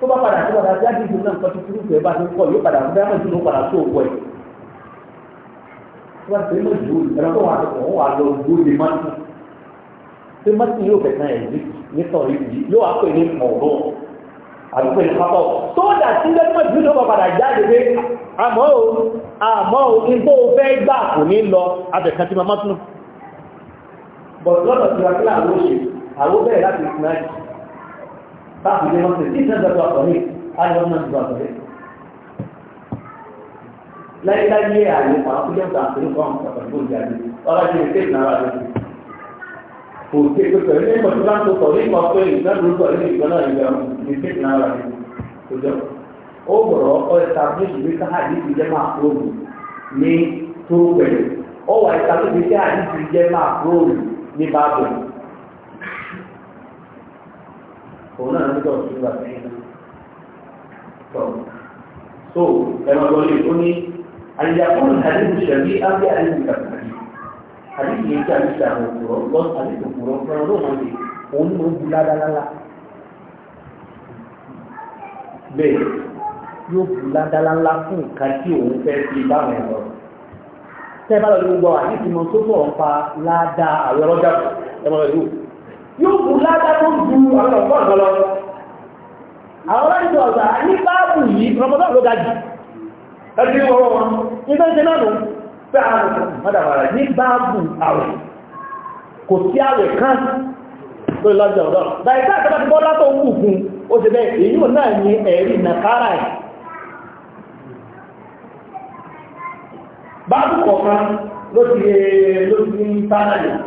tó bá padà tó padà jáde ìdùnnú náà nǹkan tuntun ìfẹ́ bá ti ń kọ́ yóò padà fún dáhùn ìdùnnú padà tó òkú ẹ̀. tó bá ti mọ̀ jù ìdáná tó wà lọ wà lọ gbó lè má tún. pé má tún yóò fẹ̀ náà ẹ̀dí nítorí yìí yóò wá pè ní ọ̀rọ̀ àdúgbò ní pápá tó dà sí lẹ́gbẹ̀ẹ́ jù ló padà jáde pé àmọ́ o àmọ́ o ní tó fẹ́ gbà kò ní lọ abẹ̀kan tí màmá tún. تعرف ليه مصر دي تنزل بقى الطريق ايوه الناس بقى الطريق لا لا ليه يعني ما في يوم تعرف ليه قام تقول يعني ولا شيء كده ولا شيء porque eu também mas lá no torneio mas foi na grupo ali que lá ele me fez na hora entendeu o bro o estabelecido de cada dia de uma prova nem tudo bem ou aí tá tudo bem aí de uma prova de babel òun náà nígbà tó gbà sí iná tọ́ so ẹ̀rọ lọ́lẹ̀ ó ní àyàkùn àdéhùn ṣẹ̀bí ábẹ́ àdéhùn kàkàkì àdéhùn yìí kí a ní ṣe àwọn òkúrọ̀ lọ àdéhùn òkúrọ̀ fẹ́ràn ló hàn yìí òun ló bu ládálálá bẹ́ẹ̀ yóò bu ládálálá fún nǹkan tí òun fẹ́ fi báwọn ẹ̀rọ tẹ́ bá lọ sí gbogbo àdéhùn mọ́ tó bọ̀ ń pa ládàá àwọn ọlọ́jà ẹ̀rọ ìlú yóò kú ládá tó ju àwọn ọ̀pọ̀ ọ̀gá lọ. àwọn ẹ̀sìn ọ̀sà ní báàbù yìí rọmọdọ́ ló ga jù ẹbí wọ́n wọn nígbà tí náà nù pé àwọn mọ́dàbàrà ní báàbù àwẹ̀ kò sí àwẹ̀ kan lórí lọ́jọ́ ọ̀dọ́ dàìsá àti bàtí bọ́lá tó ń kù fún ó ti bẹ́ èyí ò náà ní ẹ̀rí nàkárà ẹ̀ báàbù kọ̀ọ̀kan ló ti ló ti ń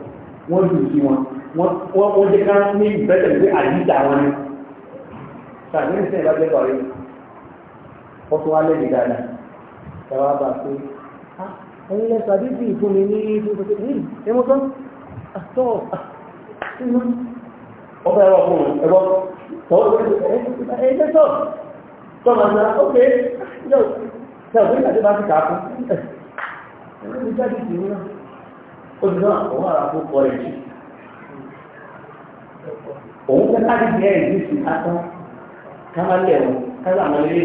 wọ́n dùn sí wọn wọ́n jẹ́ ká ní ìbẹ́lẹ̀ pé àyíká wọn ni tàbí ní sẹ́yìn bá jẹ́ kọ̀ọ̀rí ó tún wá lẹ́yìn dáadáa tàbí wá bá a pé ẹ̀yin lẹ sàbí bí ìfún mi ní ìfúnpẹ̀tẹ̀ yìí ẹ mọ́tọ́ àtọ́ àtúnú ọba ẹ̀rọ ọ̀fún ẹ̀rọ tọ́wọ́ ẹ̀ẹ́dẹ́ tọ́ tọ́ máa ná ókè yóò tẹ̀ ọ̀gbìn àti bá ti kà á fún ẹ̀rọ ìjáde ìdìbò náà obìnrin òun fẹ́ ká dìde ẹ̀rí ní ìsìn kásán ká má lẹ̀ wọn ká lọ àwọn ilé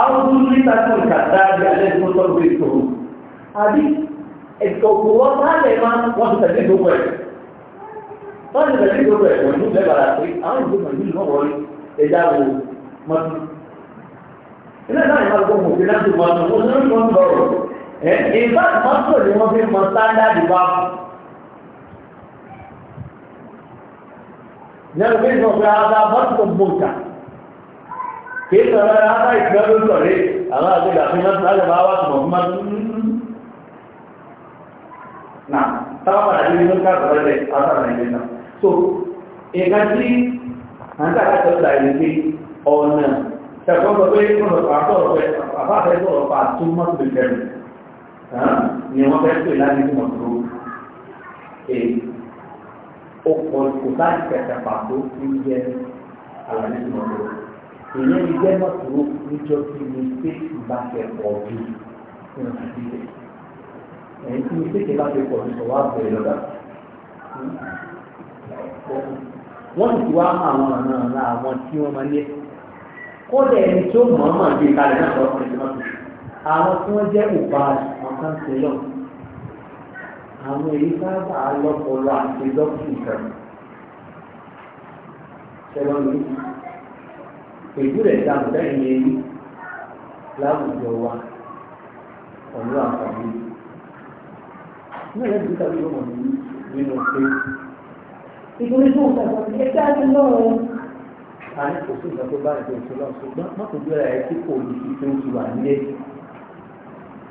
àwọn tó ní sàkóso ìkàtà àti alẹ́ tó tọ́ lórí ìṣòro àbí ẹ̀sọ̀ òkú wọn bá lẹ̀ máa wọ́n ti tẹ̀lé gbogbo ẹ̀ wọ́n ti tẹ̀lé gbogbo ẹ̀ wọ́n ní lẹ́bàrà pé àwọn ìlú kan yìí lọ́wọ́ rí ẹja wo mọ́tò ilé náà ìmọ̀ àgbọ̀n òkè láti mọ́tò ó ní wọ́n lọ́rọ̀ ìfẹ́ eh, mọ́tò ni wọ́n fi mọ sáńdáàdì wá fún. Nyẹ́nu bí sọ pé ara mọ́tò mọ́tà. Kìí sọ̀rọ̀ ẹ̀ ara ìfẹ́ ló sọ̀rọ̀ àwọn àgbẹ̀dà fún mọ́tò láti bá wà tùmọ̀ fún mọ́tò. Nà táwọn padà bí nínú rẹ̀ ọ̀sán nàìjíríà náà. So, ìka tí à ń tàkà tó ta ìlú pé ọ̀nà ṣẹ̀kọ́ sọ pé kọ́nà ni wọ́n fẹ́ pè láti fún ọ̀dọ́ èyí ó pọ̀ kò bá ìkẹ̀kẹ̀ pàtó tí ń jẹ àlàyé fún ọ̀dọ́ èyí ni jẹ́ mọ̀tò níjọ́ tí mi ṣe ìgbà kẹ̀kọ̀ bí fún àdìyẹ ẹ̀yìn tí mi ṣe ìgbà kẹ̀kọ̀ bí sọ wá bẹ̀rẹ̀ lọ́dà wọ́n sì ti wá mọ àwọn ọ̀nà ọ̀nà àwọn tí wọ́n máa lé kódà ẹni tí ó mọ̀ọ́mọ̀ gbé kalẹ̀ náà lọ́kùnrin tí wọ́n ti àwọn tí wọ́n jẹ́ òbáàlì kan ṣe lọ àwọn èyí sábà lọ́pọ̀lọ́ àti dọ́kítì kan ṣẹlọ ní pẹ̀lú rẹ̀ dáhùn bẹ́ẹ̀ ni èyí láwùjọ wa pẹ̀lú àǹfààní ní ẹ̀rọ ìdíkà tó wọ̀ nínú pé ìgbóni tó ń tàbí ẹgbẹ́ àti lọ́wọ́ àní kò sí ìgbà tó bá ìgbà ìṣòro ṣùgbọ́n mọ́tò gbéra ẹ̀ tí kò ní ìṣòro ti wà nílé.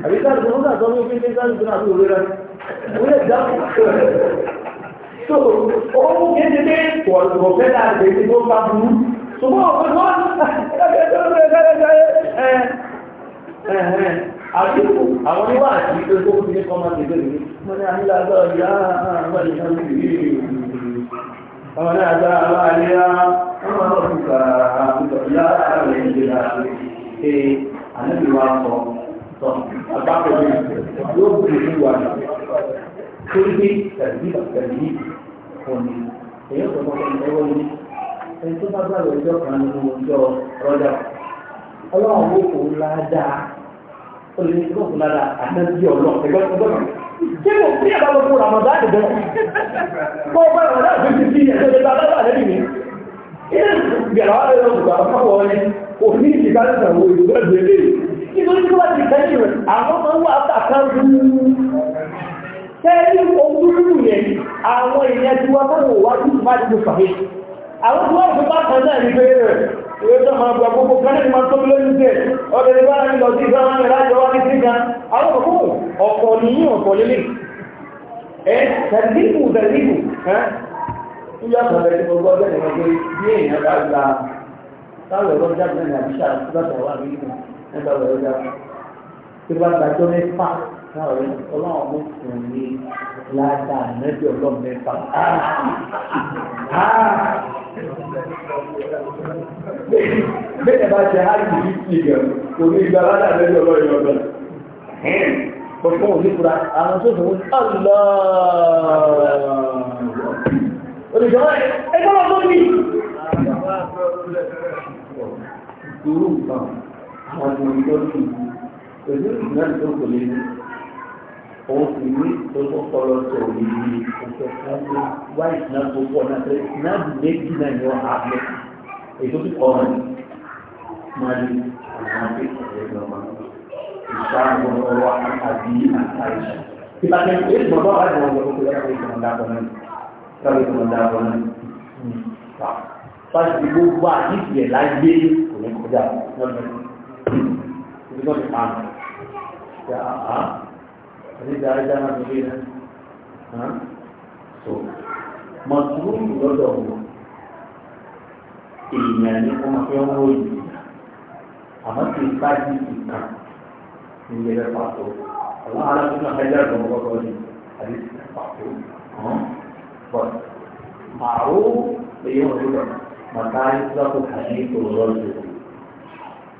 àbí sáà tó ń gbà sọ fún pé sáà tó ń so owó kékeré kò kò fẹ́ náà lè ti tó bá burú ṣùgbọ́n òwe wọn àdínkù àwọn oníwà àti ìgbé tó fi ní kọ́má ti bẹ̀rẹ̀ wọn ni àmì lágbà ọ̀yá àwọn ìṣẹ́ ń fi rí àwọn ní àgbà àwọn àríyá wọn máa ń fi àbákẹ́lẹ́ yóò gbé ní wà ní kéde tàbí àtàlí òní èyí tó ini, ní ọwọ́ ní ẹni tó bá bá lọ ọjọ́ kan nínú ọjọ́ rọ́dà ọlọ́run ó kò orang olùdókòwò kò ládàá àtàlí ọlọ́run ẹgbẹ́ tó gbọ́dọ̀ kí ló bí àbáwọ̀ fún ramadan dẹ̀ kọ́ bá ramadan fi ti fi ẹ̀jẹ̀ tó bá bá lẹ́bi mi ilé ìgbàlá wà lọ́wọ́ ìgbàlá fún ọ nítorí tó bá ti bẹ́ẹ̀ rẹ̀ àwọn máa ń wà àkàkàn rú tẹ́lú ohun rúrú yẹn àwọn èèyàn tí wọ́n bọ́wọ̀ wájú bá ti fàáyé àwọn tí wọ́n fi bá kan náà ní bẹ́ẹ̀ rẹ̀ ìwé tó máa gbà gbogbo kan ní máa tóbi lórí bẹ́ẹ̀ ọ̀dọ̀ ní bára ní lọ sí ìgbàlá ní lájọ wá ní síga àwọn òkú ọ̀pọ̀ nìyí ọ̀pọ̀ lélẹ̀ ẹ tẹ̀síkù tẹ̀síkù ẹ ń yá sọ̀rọ̀ ẹni gbogbo ọjọ́ ìrìnàjò bí èèyàn bá gba táwọn ẹ̀rọ jáde náà àbíṣà nígbà wọlé dá tí bá gbàjọ mẹ́fà náà rẹ ọlọ́run ló fún mi láda ànábì ọlọ́run mẹ́fà bẹ́ẹ̀ bá ṣe áàlù yìí ti gẹ̀ kò ní ìgbà láda ànábì ọlọ́run yọ̀ ọ̀dọ̀ kọ̀ọ̀kan ò ní fura àwọn tó fún ọlọ́ọ̀ olùjọ́ ẹgbẹ́ wọn tó bí. Irú nǹkan àwọn ọmọ ìjọ sì pẹ̀lú ìgbà tó kò lè ní òun sì ní tó tó kọlọ tó lè ní ọ̀sẹ̀ káàkiri wáyé náà tó pọ̀ náà tẹ̀ náà bí méjì náà yọ àbẹ̀ ètò tó kọ́ ọ̀rọ̀ máa ní àwọn akẹ́kọ̀ọ́ ẹgbẹ́ ọmọ ìṣàkóso ọwọ́ àbí àtàìṣà. ìbàdàn hmm. gbogbo àdìsí ẹ̀ láyé kò ní kọjá lọ́dún ìdíkọ́ ti pàmì ṣe àá àti ìdá ẹja náà nílé náà so mọ̀túrú lọ́dọ̀ wọn èèyàn ní wọ́n fi ń wó yìí àmọ́ kì í sáájú ìka ní ilé pàtó àwọn alákùnrin àtẹ́jọ́ ìgbọ̀n kọ́kọ́ ni àti pàtó bọ́t màá ó lè yẹ wọn lọ́dọ̀ màtá ìgbàkú kàní ìkòrò lọ́dọ̀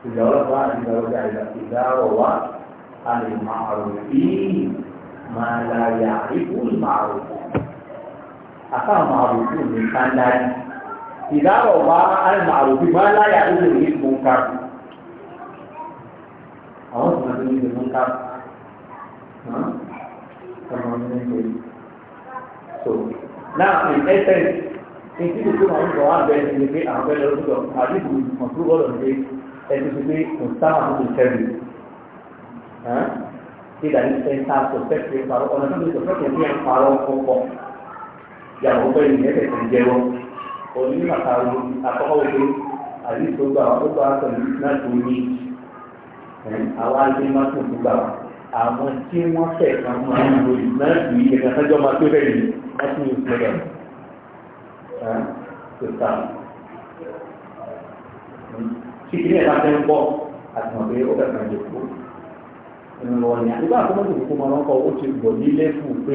ìdáwọ́pá ìdáwọ́pá ìdáwọ́wá alìmọ̀ọ̀rọ̀fí máa láyà ikú ìmọ̀ọ̀rọ̀fí àtàwọn àrùkù ní kándáyì ìdáwọ́wá alìmọ̀ọ̀rọ̀fí máa láyà ikú ìmọ̀ọ̀ká àwọn tó máa ní ìmọ̀ọ̀ká ọmọ ní ìmọ̀ọ̀ká so now in essence in tí kò tó máa ń bọ̀ wá bẹ́ẹ̀ ni pé àwọn bẹ́ẹ̀ lọ́dún lọ àdìgbò ìmọ̀ọ̀kú ẹni tó gbé mùsàmà tó ti tẹ̀lé tí ìdájí fẹ́ ta tó fẹ́ fi parọ́ ọ̀nà tó ti tó fẹ́ fi ń parọ́ púpọ̀ yàgò bẹ́ẹ̀ ni ẹ̀fẹ̀ tó ń jẹ́wọ́ òní màkà ló àkọ́kọ́ wọlé àbí tó gbà wọ́n tó gbà wọ́n tẹ̀lé náà tó ní àwọn àti má tó tó gbà wọ́n àwọn tí wọ́n fẹ́ kan máa ń lo náà tó yí kẹ̀kẹ́ sẹ́jọ́ máa tó bẹ́ẹ̀ ni wọ́n tún yóò fẹ́ bẹ́ẹ̀ tó ta tí ilé ẹ̀ bá fẹ́ ń bọ̀ àti mọ̀ pé ó bẹ̀rẹ̀ máa jòkó ẹnu lọ ní àdúgbò àkọ́mọ́tò kókó máa lọ́kọ̀ ó ti gbọ̀ ní lẹ́fù pé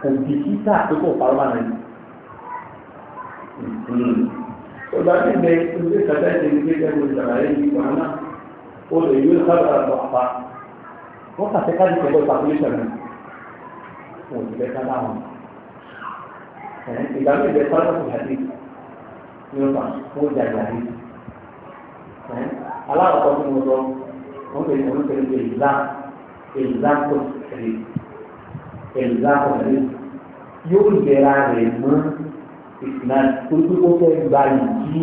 kò bí kíkà tó kò parọ́ máa nàní. ọ̀dà tí ń bẹ ilé ìtajà ìṣe ní kékeré ní ìṣàlàyé ní ìgbà náà ó lè yóò sábà lọ apá wọ́n kà sẹ́ká ní kẹ́kọ̀ọ́ population náà kò ní bẹ́ẹ̀ ká dáhùn. ìgbà mi bẹ fáwọn kò hàdí ní ọ̀pá ó jà ìgbà yìí alákọ̀ọ́ tí mo sọ wọ́n lè wọ́n lè lè ìlà ìlà tó tẹ̀lé ìlà tó tẹ̀lé yóò yẹra rẹ̀ mọ́ ìsìnà tó tó tó fẹ́ gba ìdí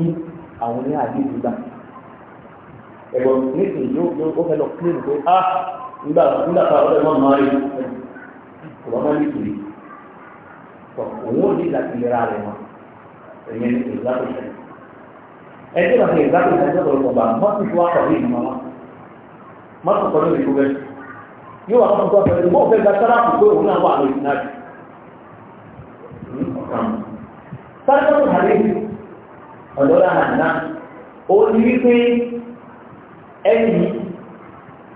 àwọn ní àdéhùn gbà ẹ̀rọ nísìnyí yóò yóò ó fẹ́ lọ kílìmù pé á ah, nígbà nígbà tá a ọ̀rẹ́ wọn máa rí kò wọ́n máa ní kiri tọ̀ òun ò ní ìlà ìlera rẹ̀ mọ́ ẹ̀yẹn ìlà tó tẹ̀lé ẹgbẹ́ náà ṣe ìgbàgbọ́ ìdájọ́ ọ̀rọ̀ ọ̀gbà mọ́tò tó wà pẹ̀lú ìmọ̀ wọn mọ́tò pẹ̀lú ìlú bẹ́ẹ̀ yóò wà fún tọ́pẹ̀ tó mọ́ fẹ́ gba sáráàpù pé òun náà wà lórí náàbì sáráàpù hàlẹ́ ọ̀dọ́lá àná ó ní wípé ẹni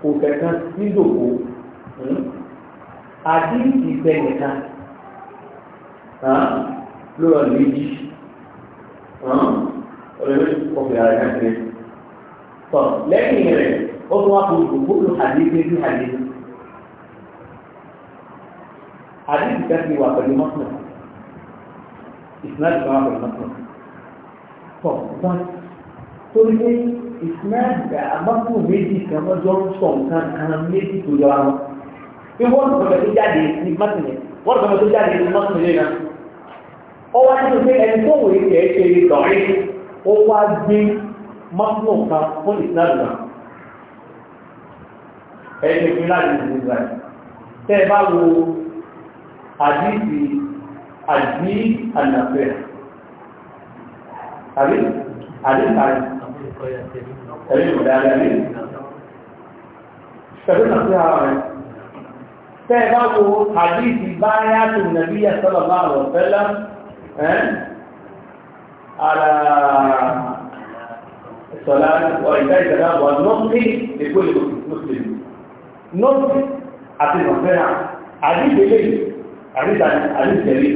kò kẹ̀kan nídòkó àdí ìfẹ́ nìkan ló rọ̀ lórí olórí kọfìlà rẹ̀ náà ṣe. tọ́ lẹ́yìn rẹ̀ ó tún wá fún ìgbòkúlù àdéhùn ní àdéhùn. àdéhùn kẹ́sì wà pẹ̀lú mọ́tò ìsìnàdì kan wà pẹ̀lú mọ́tò. tọ́ bá torí pé ìsìnàdì àbáfò méjì kan lọ́jọ́ ń sọ kan méjì tó yọ ara wọn. bí wọ́n lọ sọ̀rọ̀ tó jáde ní mọ́tò yẹn wọ́n lọ sọ̀rọ̀ tó jáde ní mọ́tò yẹn náà ó wá gbé mọ́tò kan fún ìsìláàmù ẹni pé láti ìlú Israel tẹ́ ẹ bá wo àdíìsì àdí ànàfẹ́ àbí àdíìsì ẹ̀rí ìmọ̀dáyà ní ṣẹ̀rí náà sí ara rẹ̀ tẹ́ ẹ bá wo àdíìsì bá yá tó nàbíyà sọ́lọ̀ bá rọ̀ fẹ́lá على الصلاة وإيتاء الزكاة والنصح لكل مسلم نصح àti ìrànfẹ́ra àdíjẹ́lé àdíjẹ́lé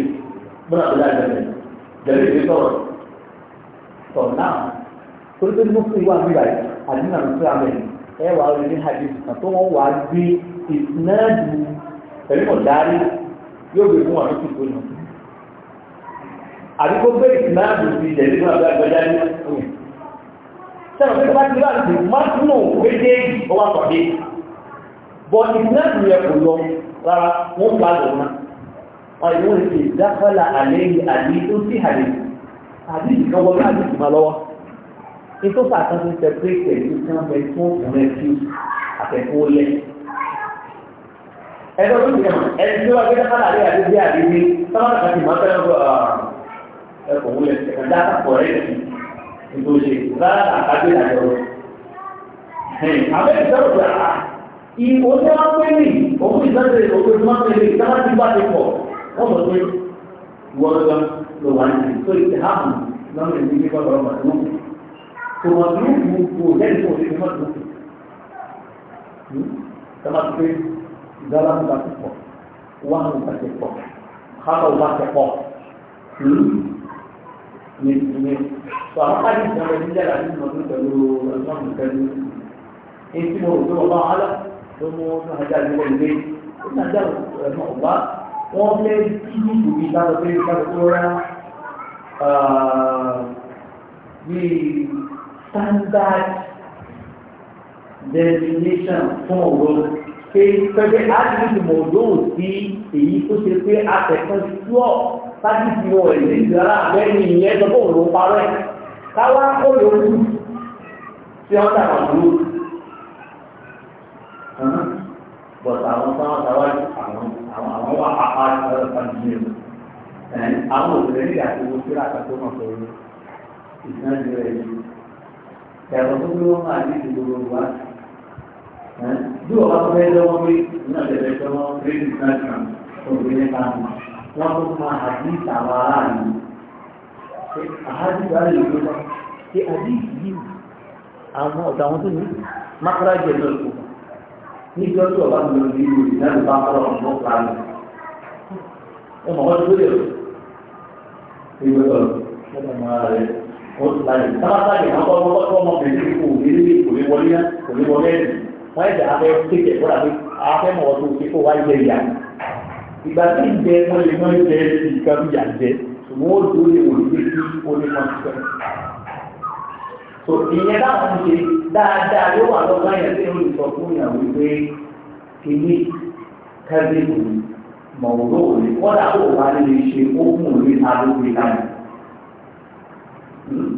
bọ́nà tó dáa jẹ́lé jẹ́lé ìwé sọ̀rọ̀ sọ̀rọ̀ náà torí pé mọ́sí wà nígbà yìí àdínà ló fẹ́ àmì ẹ wà á rí ní hadith kan tó wọ́n wà gbé ìsinájú pẹ̀lú ọ̀dárí yóò gbé fún àwọn tó àbí kó gbé ìsìláàmù ti ìjẹ̀lẹ̀ fún àgbàgbàjá ní ọ̀hún sẹ́nà pé bá ti rà ní mọ́tínù péjé ọwá pàdé bọ́ ìsìláàmù yẹ kò lọ rárá wọ́n pa lọ náà wọ́n yìí wọ́n ti dáfàlà àlẹ́yìn àbí tó sí àlè àbí ìkọwọ́ láti jùmọ̀ lọ́wọ́ nítorí pàtàkì ti sẹpẹ́tì ẹ̀sìn tí wọ́n fẹ́ fún ọ̀rẹ́ sí àtẹ̀kọ́ lẹ̀ ẹgbẹ́ tó ti kàn ẹni tí wọ́n gbé dáfàlà àlẹ́yìn àbí bí àbí ní sábà ẹ̀kọ́ wúlẹ̀ ẹ̀ka dáta pọ̀ rẹ̀ nítorí rárá àkájé àjọ. àbẹ́ ìṣòro pé àá ah, ìwò tí wọ́n pè ní òkú ìṣẹ́sẹ̀ òkú tí wọ́n pè ní ìṣẹ́wá ti bá ti pọ̀ wọ́n mọ̀ pé wọ́n lọ lọ wà ní ìṣòro ti ìdí ní kọ́lọ́ ọmọ tó tó wọn ló wù kó lẹ́yìn tó ti mọ̀ tó tọ́lá pé ìdára ń bá ti pọ̀ wọ́n ń bá ti pọ̀ kábọ̀ bá ní ìpínlẹ̀ tó àwọn káàdì ìjọba ẹni jẹ́ láti mọ̀ ní pẹ̀lú ọjọ́ ìpẹ́lú èyí tí mo rò pé ọba wàhálà tó mú sàájà ìwọ ìwé ó sàájà ẹ̀mọ ọba wọ́n fẹ́ kí ìbùbí láti pé láti tó rá bíi standard definition fún ọ̀rọ̀ pé pẹ̀lú àdìsí mọ̀ọ́dọ́ sí èyí tó ṣe pé a tẹ̀sán sí ọ̀ láti fi wọ̀n èdè ìdára àgbẹ́ni ìyẹn tó kóòrò parẹ́ káwá kó lóòrù tí wọ́n dà wọ́n bọ̀tà àwọn sáwọn sáwọn àwọn wà pàpà ìpàdé ìpàdé àwọn òṣèré ní àti owó tí láta tó máa sọ̀rọ̀ ìsìn rẹ̀ yìí ẹ̀rọ tó gbé wọn máa ní ìdìbò gbogbo bí wọ́n bá fẹ́ lọ́wọ́ pé ní àtẹ̀lẹ́sọ́wọ́ pé ìsìn àjò rẹ̀ tó gbé ní wọ́n tó máa àdìsí àwọn aráàlú àhádìsí aráàlú ló wá ṣe àdìsí yìí àwọn ọ̀dà wọn tó ní mákàrá jẹ lọ sí níjọ́ tí ọba mi ò ní ìlú ìdáná bá kọ́ ọ̀rọ̀ mọ́ pa mi ẹ mọ̀ ọ́ tó lè rò ìwé lọ ẹ mọ̀ mọ́ ara rẹ̀ ó ti láyé tábàtà yìí wọ́n kọ́ wọ́n kọ́ ọmọbìnrin kò ní ní kò ní wọlé náà kò ní wọlé ẹ̀dùn wọ́n ẹ̀dà ìgbà tí ń jẹ wọn lè máa jẹ nǹkan bí àjẹ ṣùgbọ́n ó dúró lè wò lórí tí ó lè máa sọ. so ìyẹn láwọn ṣe dáadáa ló wà lọ́wọ́ yẹn tí ó lè sọ fún ìyàwó pé kìíní kẹ́bíìnì mọ̀wúrò òní kọ́dà ó wà lè ṣe ókùn òní alóore láyé. Hmm?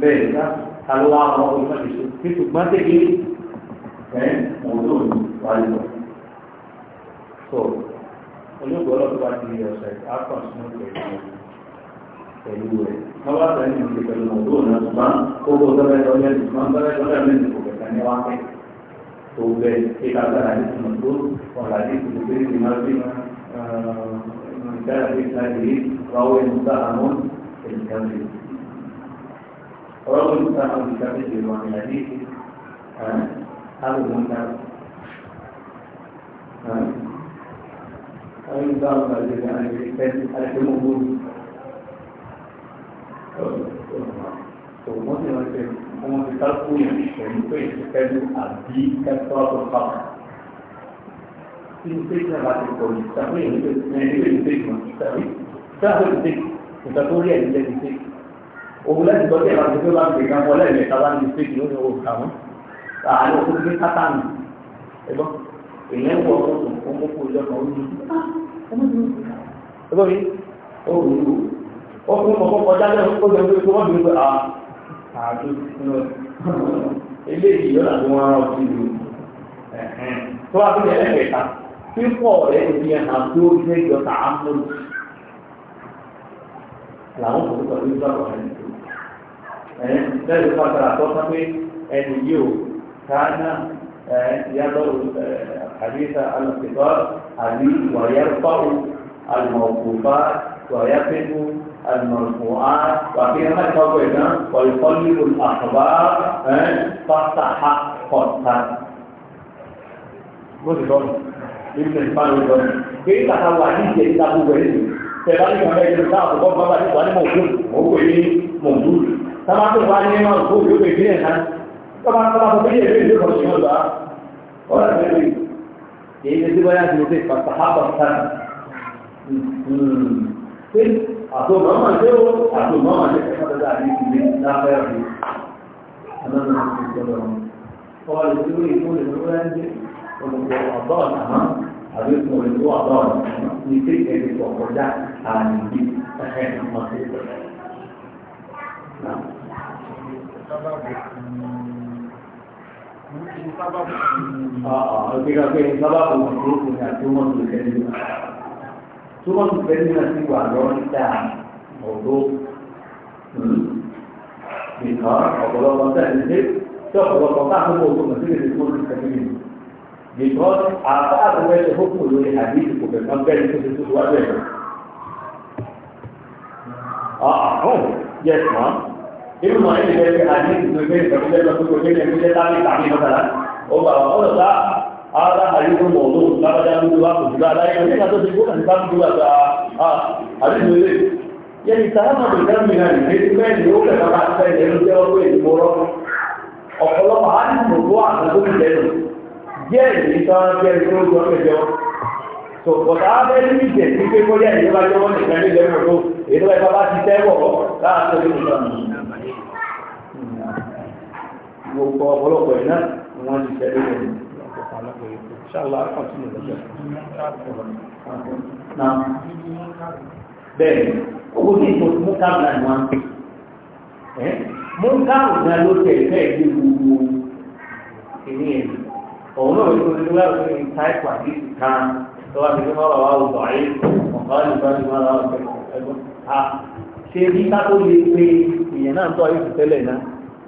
bẹ́ẹ̀ ká alówó àwọn ọmọ ìfọ̀ṣẹ̀ṣẹ̀ tí ṣùgbọ́n tẹ̀lé ẹ̀ mọ̀wúrò òní wà lè lọ. so olóògbé ọlọ́pàá ti rí ọ̀sẹ̀ akọ̀ sínú pẹ̀lú pẹ̀lú rẹ̀ lọ́wọ́ àtẹ̀ ní ìdílé pẹ̀lú ọdún ọ̀nà ṣùgbọ́n gbogbo ọ̀dọ́rẹ́ ọ̀dọ́rẹ́ ṣùgbọ́n ọ̀dọ́rẹ́ ọ̀dọ́rẹ́ mi kò kẹ̀kẹ́ ní wá pẹ́ tó bẹ kíkà gbára ní ìtumọ̀ tó ọ̀là ní ìtumọ̀ tó ní ìmọ̀ sí ìdára sí ìtàgé wáwé nígbà àwọn ènìyànjú ọlọ́run nígbà àwọn ìtàgé ìlú àwọn ìyàdí àlùmọ́ta kawai za mu ba zai ga an yi kai a cikin mugu to mọ́tò náà ṣe ọmọ ti ká kú yẹn pẹ̀lú pé ìṣẹ́fẹ́lú àbí kẹ́kọ̀ọ́ tó pa tí ṣe ìṣẹ́ bá ti pọ̀ yìí tàbí èyí tó ti ṣe ìṣe ìṣe ìmọ̀ tàbí tàbí ìṣe ìṣe tó rí ẹ̀yìn lẹ́yìn ṣe òun lẹ́yìn tó tẹ̀ máa ti pé bá ń gbé kan wọlé ẹ̀mẹ́ta bá ń ṣe ìṣe ìṣe ìṣe èèyàn ah, ọmọ kò ọkùnrin kọ̀ọ̀kan kọjá lẹ́nu ó jẹ́ pé ah, wọ́n bí wọ́n á àti eléyìí àti wọn ará ọtí lò tó wá fún ẹlẹ́kẹ̀ẹ́ta fífọ̀ rẹ̀ ti yẹn hàn tó jẹ́ ìjọta ámúlò làwọn kò حديث الخطاب علي ويرفع الموقوفات ويقف المرفوعات وفي هذا القول ويقلب الاخبار فتح فتح bóti lọ́nà nípa ìpanu lọ́nà pé kàkà wà ní ìjẹ́ ìta gbogbo ẹ̀ lò tẹ̀lá ní kàmẹ́ ìjẹ́ ìta àkọ́kọ́ bábá ti wà ní mọ̀gbó mọ̀gbó ní mọ̀gbó sábà tó wà ní mọ̀gbó yóò pè ní ẹ̀ná sábà tó wà ní ìjẹ́ ìta ọ̀rọ̀ ìjẹ́ ìta èyí lè débọ́ yá dúró pé pàtàkì pàtàkì pé àtò màmá ṣe ó àtò màmá ṣe pàtàkì àti ìdílé láfẹ́ àti àmàmà àti ìjọba wọn. Ọwọ́ lè dúró ìfún lè dúró yá dé ọ̀pọ̀lọpọ̀ àbọ̀ọ̀nà àmọ́ àbí ìfún lè dúró àbọ̀ọ̀nà ní pé ẹni kọ̀ọ̀kọ̀dá àmì bí ẹ̀hẹ́ ọmọ tó ń bọ̀. Ketika kita sabar untuk punya cuma tujuan Cuma tujuan nanti warga kita untuk Bisa, kalau Kalau kita hukum untuk masih di semua ini Because apa apa yang hukum dari hadis itu Bukan itu sesuatu yang Ah, oh, yes, ma'am irú wọn ẹni bẹ́ẹ̀ fi àdé ìgbẹ́gbẹ́ ìgbẹ́gbẹ́ lọ́kùnkùn ní ẹgbẹ́ tábí tàbí mọ́tàlá ó bá wọn ọ̀rọ̀ sá ara àyíkú mọ̀ ló lábájá lójú wa kò dúró aláyé wọn nígbà tó ti gbọ́dọ̀ nípa tó dúró àgbà àdéhùnlé yẹni sàrámà tó dá mi náà ní bẹ́ẹ̀ ni ó lẹ̀ bàbá àtúbẹ̀ yẹn ló jẹ́ ọgbẹ́ ìdìbò rọ́ ọ̀pọ̀lọpọ̀ á ní mọ̀ tó àgbà tó ti lẹ́nu díẹ̀ ní sáwọn jẹ́ ìṣòro jọ mẹ́jọ tó bọ̀tà abẹ́ ní ìjẹ̀ sí pé kọ́jà ìjọba jọ́wọ́ nìkan ní ìjẹ́ mọ̀ tó èdè bá ti tẹ́wọ̀ gbogbo ọ̀pọ̀lọpọ̀ ẹ̀ náà ni wọ́n ti tẹ̀lé rẹ̀ bẹ́ẹ̀ owó tí ìfò mú káàbùlà ni wọ́n pè é mú káàbùlà ló tẹ̀ bẹ́ẹ̀ bí gbogbo ìní ẹ̀ òun náà yóò ní wá ní táìpù àdìsí kan tó wá nígbà wà wà ọ̀dọ̀ ayé ọ̀gá ìgbà ní wà wà ọ̀dọ̀ ẹ̀gbọ́n ṣe bí ká tó lè pe ìyẹn náà tó ayé tẹ́lẹ̀ náà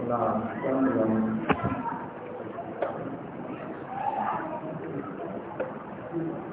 Thank you.